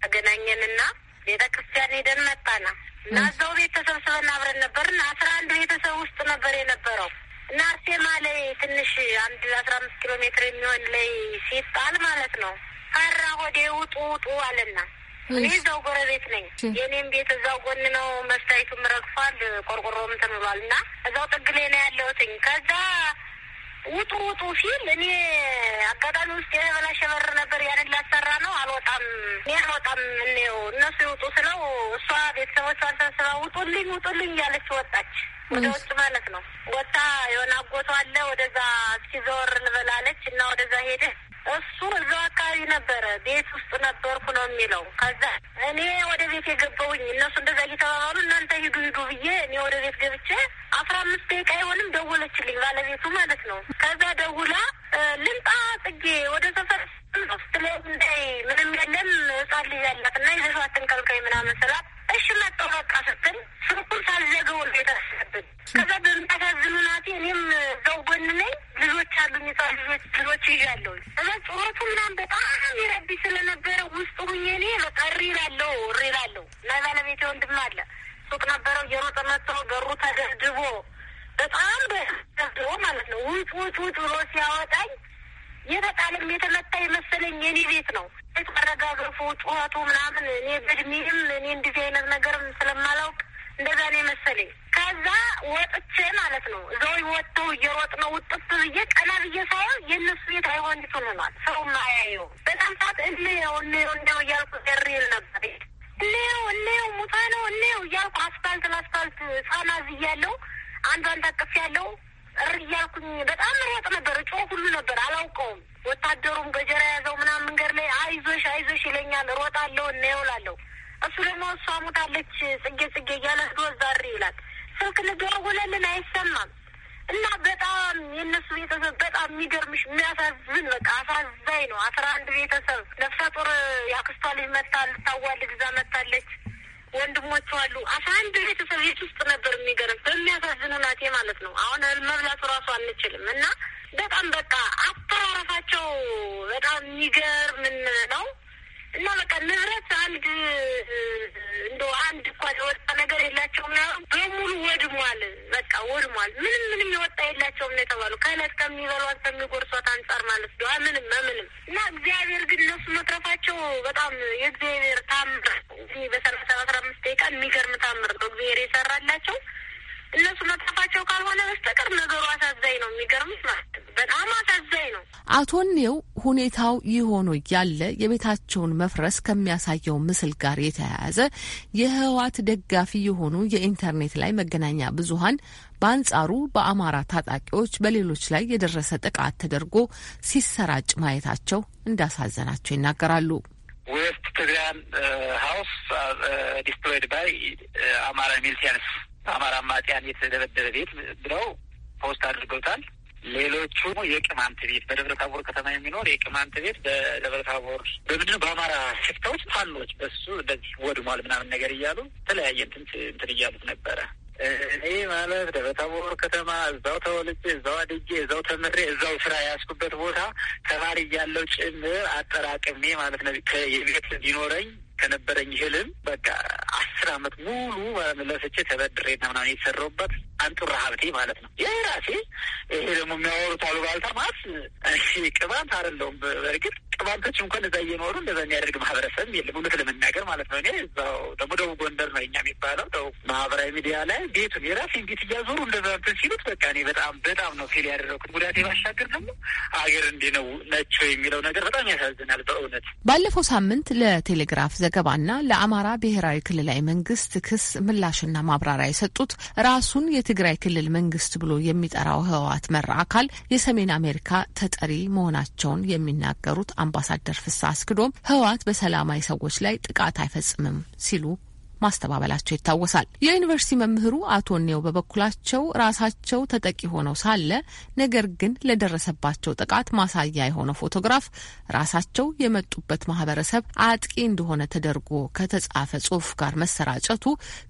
Speaker 7: ተገናኘንና ቤተ ክርስቲያን ሄደን መጣና እና እዛው ቤት ተሰብስበን አብረን ነበርን አስራ አንድ ቤተሰብ ውስጥ ነበር የነበረው እና ሴማ ላይ ትንሽ አንድ አስራ አምስት ኪሎ ሜትር የሚሆን ላይ ሲጣል ማለት ነው ፈራ ሆዴ ውጡ ውጡ አለና እኔ እዛው ጎረቤት ነኝ። የኔም ቤት እዛው ጎን ነው። መስታይቱም ረግፏል፣ ቆርቆሮም ተምሏል እና እዛው ጥግሌ ነው ያለሁትኝ። ከዛ ውጡ ውጡ ሲል እኔ አጋጣሚ ውስጥ የበላሸ በር ነበር፣ ያንን ላሰራ ነው። አልወጣም፣ እኔ አልወጣም፣ እኔው እነሱ ይውጡ ስለው እሷ ቤተሰቦች ሰብስባ ውጡልኝ፣ ውጡልኝ ያለች ወጣች፣ ወደ ውጭ ማለት ነው። ወጣ የሆነ አጎቷ አለ፣ ወደዛ እስኪ ዘወር ልበላለች እና ወደዛ ሄደ እሱ እዛው አካባቢ ነበረ፣ ቤት ውስጥ ነበርኩ ነው የሚለው። ከዛ እኔ ወደ ቤት የገባውኝ እነሱ እንደዛ እየተባባሉ እናንተ ሂዱ ሂዱ ብዬ እኔ ወደ ቤት ገብቼ አስራ አምስት ደቂቃ አይሆንም ደወለችልኝ፣ ባለቤቱ ማለት ነው። ከዛ ደውላ ልምጣ ጽጌ ወደ ሰፈር ስትለኝ እንዳይ ምንም የለም ህጻን ልጅ ያላት እና ይዘሻትን ቀልቀይ ምናምን ስላት እሺ መጣሁ በቃ ስትል ስልኩን ሳልዘገው ቤት አስገብን። ከዛ በምታሳዝኑናቴ እኔም እዛው ጎን ነኝ ያሉ ሚቷ ልጆች ልጆች ይዣለሁ እና ጩኸቱ ምናም በጣም ይረብኝ ስለነበረ ውስጡ ሁኜ እኔ መጠሪ ላለው እሪ ላለው እና ባለቤቴ ወንድም አለ ሱቅ ነበረው እየሮጠ መጥቶ በሩ ተደብድቦ በጣም በደብድቦ ማለት ነው ውጭ ውጭ ውጭ ብሎ ሲያወጣኝ የበጣልም የተመታ የመሰለኝ የኔ ቤት ነው ቤት ተረጋግፎ ጩኸቱ ምናምን እኔ በእድሜም እኔ እንደዚህ አይነት ነገርም ስለማላውቅ እንደዛ ነው የመሰለኝ። ከዛ ወጥቼ ማለት ነው እዛው ወጥተው እየሮጥ ነው ውጥፍ ብዬ ቀና ብዬ ሳይሆን የእነሱ ቤት አይሆን ሆኗል። ሰው ማያየው በጣም ሰዓት እንየው እንየው እንዲያው እያልኩ ገሬል ነበር እንየው እንየው ሙታ ነው እንየው እያልኩ አስፋልት ለአስፋልት ጻና ዝያለው አንዷን ታቅፍ ያለው እር እያልኩኝ በጣም ሪያጥ ነበር። እጮ ሁሉ ነበር አላውቀውም። ወታደሩም ገጀራ ያዘው ምናምን መንገድ ላይ አይዞሽ አይዞሽ ይለኛል። እሮጣለሁ እንየው እላለሁ እሱ ደግሞ እሷ ሙታለች ጽጌ ጽጌ እያለ ህዶ ዛሬ ይላል። ስልክ ልደዋወለልን አይሰማም። እና በጣም የእነሱ ቤተሰብ በጣም የሚገርምሽ የሚያሳዝን በቃ አሳዛኝ ነው። አስራ አንድ ቤተሰብ ነፍሰ ጡር የአክስቷ ልጅ መታ ልታዋልድ እዛ መታለች። ወንድሞቹ አሉ። አስራ አንድ ቤተሰብ የት ውስጥ ነበር? የሚገርም በሚያሳዝኑ ናቴ ማለት ነው። አሁን መብላቱ ራሱ አንችልም እና በጣም በቃ አተራረፋቸው በጣም የሚገርም ነው። እና በቃ ምህረት አንድ እንደ አንድ እኳ የወጣ ነገር የላቸውም ና በሙሉ ወድሟል። በቃ ወድሟል። ምንም ምንም የወጣ የላቸውም ነው የተባሉ ከእለት ከሚበሏት ከሚጎርሷት አንጻር ማለት ነው። ምንም በምንም እና እግዚአብሔር ግን እነሱ መትረፋቸው በጣም የእግዚአብሔር ታምር በሰላሳ አስራ አምስት ደቂቃ የሚገርም ታምር ነው እግዚአብሔር የሰራላቸው እነሱ መትረፋቸው ካልሆነ በስተቀር ነገሩ አሳዛኝ ነው። የሚገርምት ማለት
Speaker 6: አቶ ኔው ሁኔታው ይሆኖ ሆኖ ያለ የቤታቸውን መፍረስ ከሚያሳየው ምስል ጋር የተያያዘ የህወሓት ደጋፊ የሆኑ የኢንተርኔት ላይ መገናኛ ብዙሃን በአንጻሩ በአማራ ታጣቂዎች በሌሎች ላይ የደረሰ ጥቃት ተደርጎ ሲሰራጭ ማየታቸው እንዳሳዘናቸው ይናገራሉ።
Speaker 4: ዌስት ትግራን ሀውስ
Speaker 6: ዲስትሮይድ ባይ
Speaker 4: አማራ ሚሊቲያንስ አማራ ማጢያን የተደበደበ ቤት ብለው ፖስት አድርገውታል። ሌሎቹ የቅማንት ቤት በደብረ ታቦር ከተማ የሚኖር የቅማንት ቤት በደብረ ታቦር በምድ በአማራ ሽፍታዎች ፋኖች በሱ እንደዚህ ወድሟል ምናምን ነገር እያሉ የተለያየ እንትን እንትን እያሉት ነበረ።
Speaker 3: እኔ ማለት ደብረ ታቦር ከተማ እዛው ተወልጄ
Speaker 4: እዛው አድጌ እዛው ተምሬ እዛው ስራ ያስኩበት ቦታ ተማሪ እያለው ጭምር አጠራቅሜ ማለት ነው የቤት ሊኖረኝ ከነበረኝ ህልም በቃ አስር አመት ሙሉ መለሰቼ ተበድሬ ምናምን የተሰራሁበት አንጡራ ሀብቴ ማለት ነው። ይህ ራሴ ይሄ ደግሞ የሚያወሩት አሉባልታ ማለት ቅባት አይደለሁም በእርግጥ የውጭ ባንኮች እንኳን እዛ እየኖሩ እንደዛ የሚያደርግ ማህበረሰብ የለም፣ እውነት ለመናገር ማለት ነው። እኔ እዛው ደግሞ ደቡብ ጎንደር ነው እኛ የሚባለው ደው ማህበራዊ ሚዲያ ላይ ቤቱን የራሴን ቤት እያዞሩ እንደዛ እንትን ሲሉት በቃ እኔ በጣም በጣም ነው ፊል ያደረኩት። ጉዳቴ ባሻገር ደግሞ አገር እንዲህ ነው ነቸው የሚለው ነገር በጣም ያሳዝናል በእውነት።
Speaker 6: ባለፈው ሳምንት ለቴሌግራፍ ዘገባና ለአማራ ብሔራዊ ክልላዊ መንግስት ክስ ምላሽና ማብራሪያ የሰጡት ራሱን የትግራይ ክልል መንግስት ብሎ የሚጠራው ህወሓት መራ አካል የሰሜን አሜሪካ ተጠሪ መሆናቸውን የሚናገሩት አምባሳደር ፍስሐ አስክዶም ህወሓት በሰላማዊ ሰዎች ላይ ጥቃት አይፈጽምም ሲሉ ማስተባበላቸው ይታወሳል። የዩኒቨርሲቲ መምህሩ አቶ ኔው በበኩላቸው ራሳቸው ተጠቂ ሆነው ሳለ ነገር ግን ለደረሰባቸው ጥቃት ማሳያ የሆነው ፎቶግራፍ ራሳቸው የመጡበት ማህበረሰብ አጥቂ እንደሆነ ተደርጎ ከተጻፈ ጽሑፍ ጋር መሰራጨቱ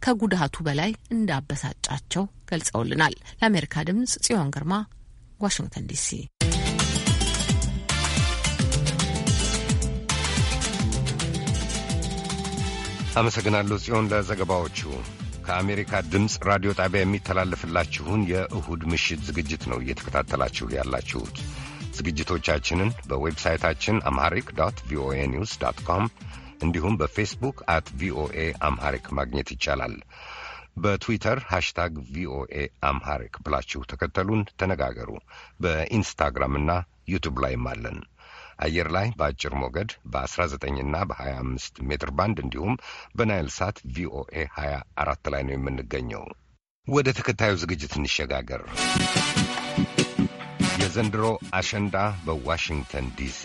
Speaker 6: ከጉዳቱ በላይ እንዳበሳጫቸው ገልጸውልናል። ለአሜሪካ ድምጽ ጽዮን ግርማ ዋሽንግተን ዲሲ
Speaker 1: አመሰግናለሁ ጽዮን ለዘገባዎቹ። ከአሜሪካ ድምፅ ራዲዮ ጣቢያ የሚተላለፍላችሁን የእሁድ ምሽት ዝግጅት ነው እየተከታተላችሁ ያላችሁት። ዝግጅቶቻችንን በዌብሳይታችን አምሃሪክ ዶት ቪኦኤ ኒውስ ዶት ኮም እንዲሁም በፌስቡክ አት ቪኦኤ አምሃሪክ ማግኘት ይቻላል። በትዊተር ሃሽታግ ቪኦኤ አምሃሪክ ብላችሁ ተከተሉን፣ ተነጋገሩ። በኢንስታግራምና ዩቱብ ላይም አለን። አየር ላይ በአጭር ሞገድ በ 19 እና በ25 ሜትር ባንድ እንዲሁም በናይል ሳት ቪኦኤ 24 ላይ ነው የምንገኘው። ወደ ተከታዩ ዝግጅት እንሸጋገር። የዘንድሮ አሸንዳ በዋሽንግተን ዲሲ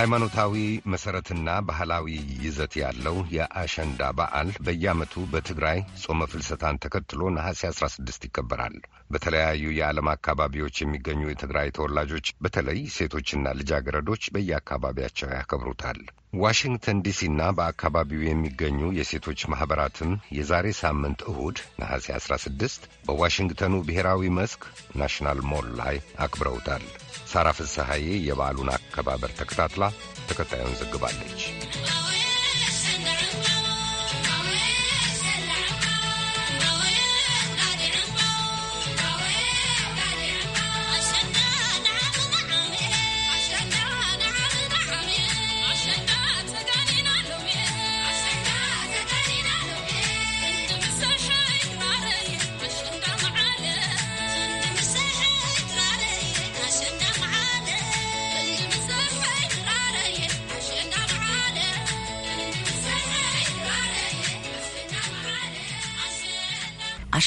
Speaker 1: ሃይማኖታዊ መሠረትና ባህላዊ ይዘት ያለው የአሸንዳ በዓል በየዓመቱ በትግራይ ጾመ ፍልሰታን ተከትሎ ነሐሴ 16 ይከበራል። በተለያዩ የዓለም አካባቢዎች የሚገኙ የትግራይ ተወላጆች በተለይ ሴቶችና ልጃገረዶች በየአካባቢያቸው ያከብሩታል። ዋሽንግተን ዲሲና በአካባቢው የሚገኙ የሴቶች ማኅበራትም የዛሬ ሳምንት እሁድ ነሐሴ 16 በዋሽንግተኑ ብሔራዊ መስክ ናሽናል ሞል ላይ አክብረውታል። ሳራ ፍስሐዬ የበዓሉን አከባበር ተከታትላ ተከታዩን ዘግባለች።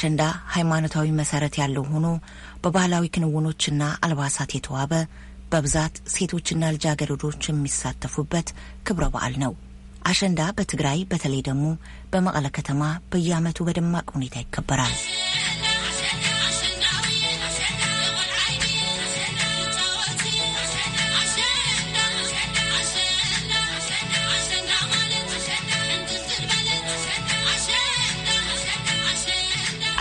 Speaker 9: አሸንዳ ሃይማኖታዊ መሰረት ያለው ሆኖ በባህላዊ ክንውኖችና አልባሳት የተዋበ በብዛት ሴቶችና ልጃገረዶች የሚሳተፉበት ክብረ በዓል ነው። አሸንዳ በትግራይ በተለይ ደግሞ በመቀለ ከተማ በየዓመቱ በደማቅ ሁኔታ ይከበራል።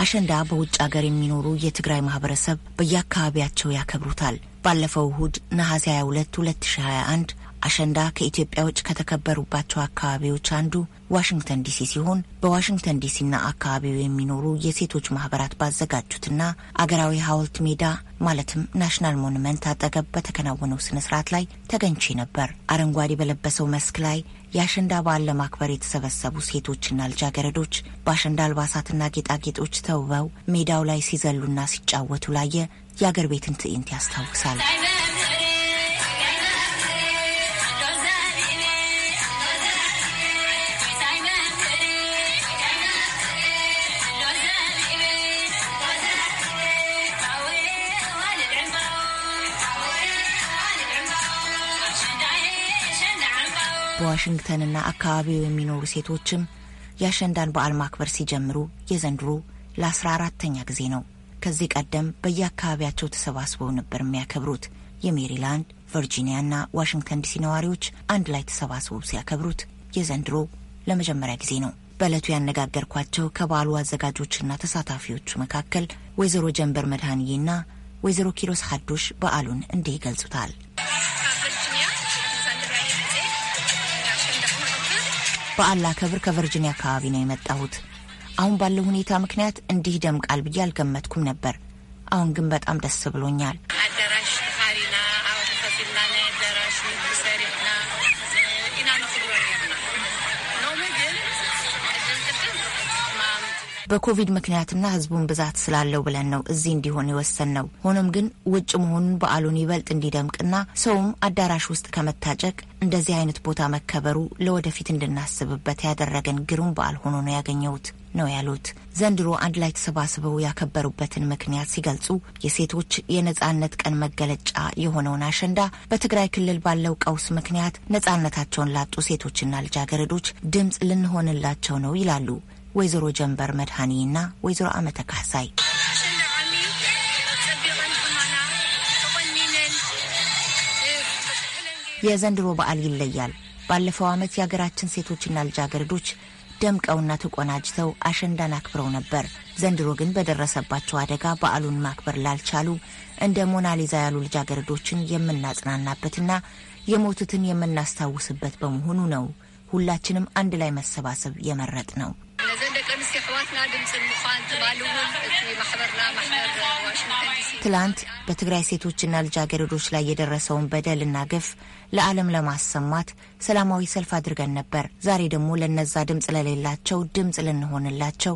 Speaker 9: አሸንዳ በውጭ አገር የሚኖሩ የትግራይ ማህበረሰብ በየአካባቢያቸው ያከብሩታል። ባለፈው እሁድ ነሐሴ 22 2021 አሸንዳ ከኢትዮጵያ ውጭ ከተከበሩባቸው አካባቢዎች አንዱ ዋሽንግተን ዲሲ ሲሆን በዋሽንግተን ዲሲና አካባቢው የሚኖሩ የሴቶች ማህበራት ባዘጋጁትና አገራዊ ሐውልት ሜዳ ማለትም ናሽናል ሞኑመንት አጠገብ በተከናወነው ስነ ስርዓት ላይ ተገኝቼ ነበር። አረንጓዴ በለበሰው መስክ ላይ የአሸንዳ በዓል ለማክበር የተሰበሰቡ ሴቶችና ልጃገረዶች በአሸንዳ አልባሳትና ጌጣጌጦች ተውበው ሜዳው ላይ ሲዘሉና ሲጫወቱ ላየ የአገር ቤትን ትዕይንት ያስታውሳል። በዋሽንግተንና አካባቢው የሚኖሩ ሴቶችም የአሸንዳን በዓል ማክበር ሲጀምሩ የዘንድሮ ለአስራ አራተኛ ጊዜ ነው። ከዚህ ቀደም በየአካባቢያቸው ተሰባስበው ነበር የሚያከብሩት። የሜሪላንድ ቨርጂኒያና ዋሽንግተን ዲሲ ነዋሪዎች አንድ ላይ ተሰባስበው ሲያከብሩት የዘንድሮ ለመጀመሪያ ጊዜ ነው። በዕለቱ ያነጋገርኳቸው ከበዓሉ አዘጋጆችና ተሳታፊዎቹ መካከል ወይዘሮ ጀንበር መድሃንዬና ወይዘሮ ኪሮስ ሀዶሽ በዓሉን እንዲህ ይገልጹታል። በዓል ክብር ከቨርጂኒያ አካባቢ ነው የመጣሁት። አሁን ባለው ሁኔታ ምክንያት እንዲህ ደምቃል ብዬ አልገመትኩም ነበር። አሁን ግን በጣም ደስ ብሎኛል። በኮቪድ ምክንያትና ህዝቡን ብዛት ስላለው ብለን ነው እዚህ እንዲሆን የወሰን ነው። ሆኖም ግን ውጭ መሆኑን በዓሉን ይበልጥ እንዲደምቅና ሰውም አዳራሽ ውስጥ ከመታጨቅ እንደዚህ አይነት ቦታ መከበሩ ለወደፊት እንድናስብበት ያደረገን ግሩም በዓል ሆኖ ነው ያገኘሁት ነው ያሉት። ዘንድሮ አንድ ላይ ተሰባስበው ያከበሩበትን ምክንያት ሲገልጹ የሴቶች የነጻነት ቀን መገለጫ የሆነውን አሸንዳ በትግራይ ክልል ባለው ቀውስ ምክንያት ነጻነታቸውን ላጡ ሴቶችና ልጃገረዶች ድምፅ ልንሆንላቸው ነው ይላሉ። ወይዘሮ ጀንበር እና ወይዘሮ አመተ ካሕሳይ የዘንድሮ በዓል ይለያል። ባለፈው ዓመት የሀገራችን ሴቶችና ልጃገረዶች ደምቀውና ተቆናጅተው አሸንዳን አክብረው ነበር። ዘንድሮ ግን በደረሰባቸው አደጋ በዓሉን ማክበር ላልቻሉ እንደ ሞናሊዛ ያሉ ልጃገረዶችን የምናጽናናበትና የሞቱትን የምናስታውስበት በመሆኑ ነው ሁላችንም አንድ ላይ መሰባሰብ የመረጥ ነው። ትላንት በትግራይ ሴቶችና ልጃገረዶች ላይ የደረሰውን በደልና ግፍ ለዓለም ለማሰማት ሰላማዊ ሰልፍ አድርገን ነበር። ዛሬ ደግሞ ለነዛ ድምፅ ለሌላቸው ድምፅ ልንሆንላቸው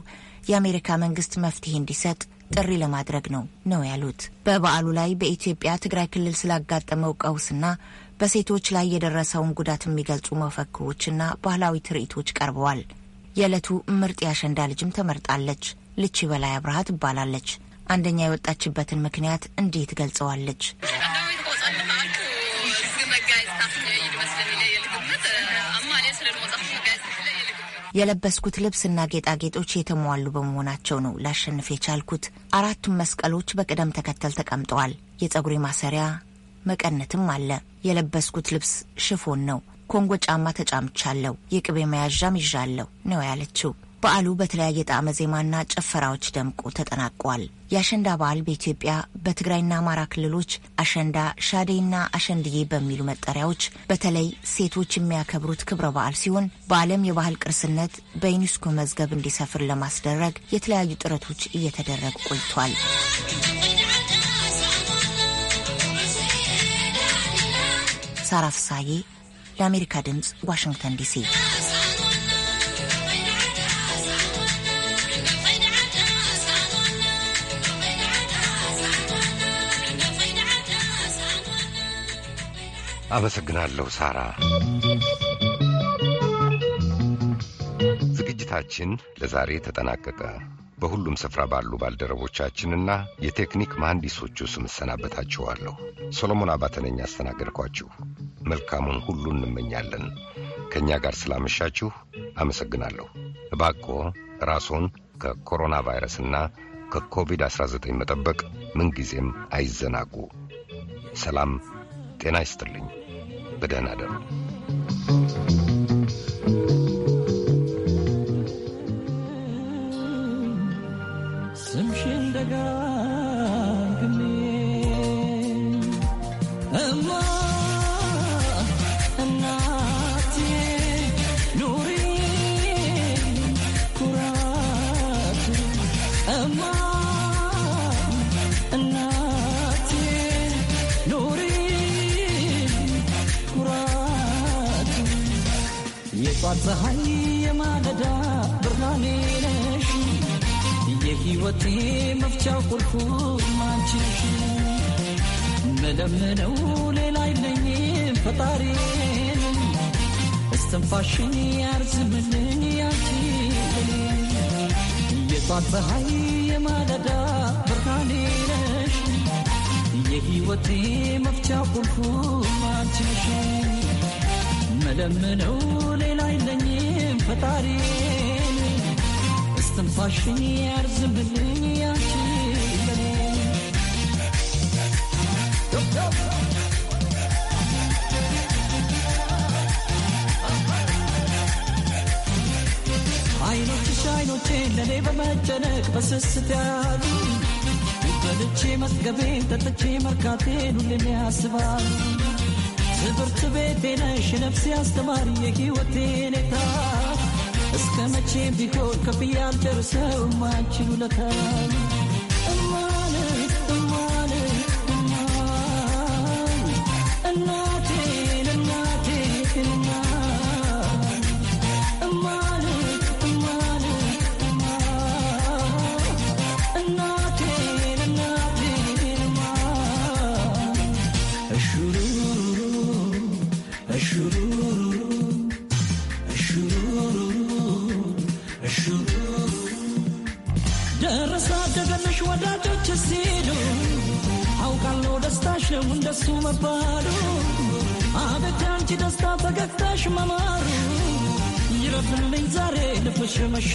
Speaker 9: የአሜሪካ መንግስት መፍትሄ እንዲሰጥ ጥሪ ለማድረግ ነው ነው ያሉት። በበዓሉ ላይ በኢትዮጵያ ትግራይ ክልል ስላጋጠመው ቀውስና በሴቶች ላይ የደረሰውን ጉዳት የሚገልጹ መፈክሮችና ባህላዊ ትርኢቶች ቀርበዋል። የዕለቱ ምርጥ የአሸንዳ ልጅም ተመርጣለች። ልቺ በላይ አብርሃ ትባላለች። አንደኛ የወጣችበትን ምክንያት እንዲህ ትገልጸዋለች። የለበስኩት ልብስና ጌጣጌጦች የተሟሉ በመሆናቸው ነው ላሸንፍ የቻልኩት። አራቱም መስቀሎች በቅደም ተከተል ተቀምጠዋል። የጸጉሬ ማሰሪያ መቀነትም አለ። የለበስኩት ልብስ ሽፎን ነው። ኮንጎ ጫማ ተጫምቻለሁ፣ የቅቤ መያዣም ይዣለሁ ነው ያለችው። በዓሉ በተለያየ ጣዕመ ዜማና ጭፈራዎች ደምቆ ተጠናቋል። የአሸንዳ በዓል በኢትዮጵያ በትግራይና አማራ ክልሎች አሸንዳ፣ ሻዴይና አሸንድዬ በሚሉ መጠሪያዎች በተለይ ሴቶች የሚያከብሩት ክብረ በዓል ሲሆን በዓለም የባህል ቅርስነት በዩኒስኮ መዝገብ እንዲሰፍር ለማስደረግ የተለያዩ ጥረቶች እየተደረጉ ቆይቷል። ሳራ ፍሳዬ ለአሜሪካ ድምፅ ዋሽንግተን ዲሲ።
Speaker 1: አመሰግናለሁ ሳራ። ዝግጅታችን ለዛሬ ተጠናቀቀ። በሁሉም ስፍራ ባሉ ባልደረቦቻችንና የቴክኒክ መሐንዲሶቹ ስም እሰናበታችኋለሁ። ሰሎሞን አባተ ነኝ ያስተናገድኳችሁ። መልካሙን ሁሉ እንመኛለን። ከእኛ ጋር ስላመሻችሁ አመሰግናለሁ። እባክዎ ራስዎን ከኮሮና ቫይረስና ከኮቪድ-19 መጠበቅ ምንጊዜም አይዘናጉ። ሰላም ጤና ይስጥልኝ። በደህና you.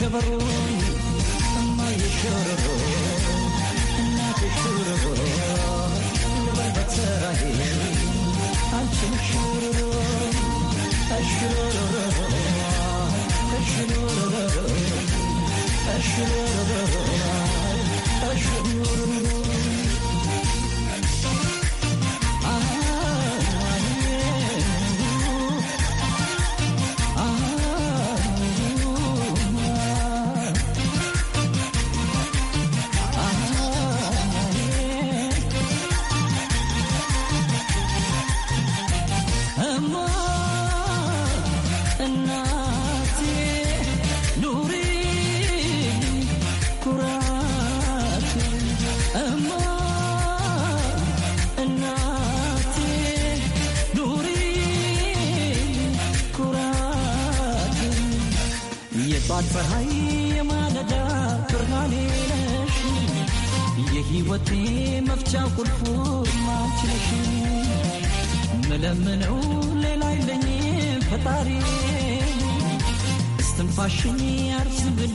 Speaker 10: Chevrolet.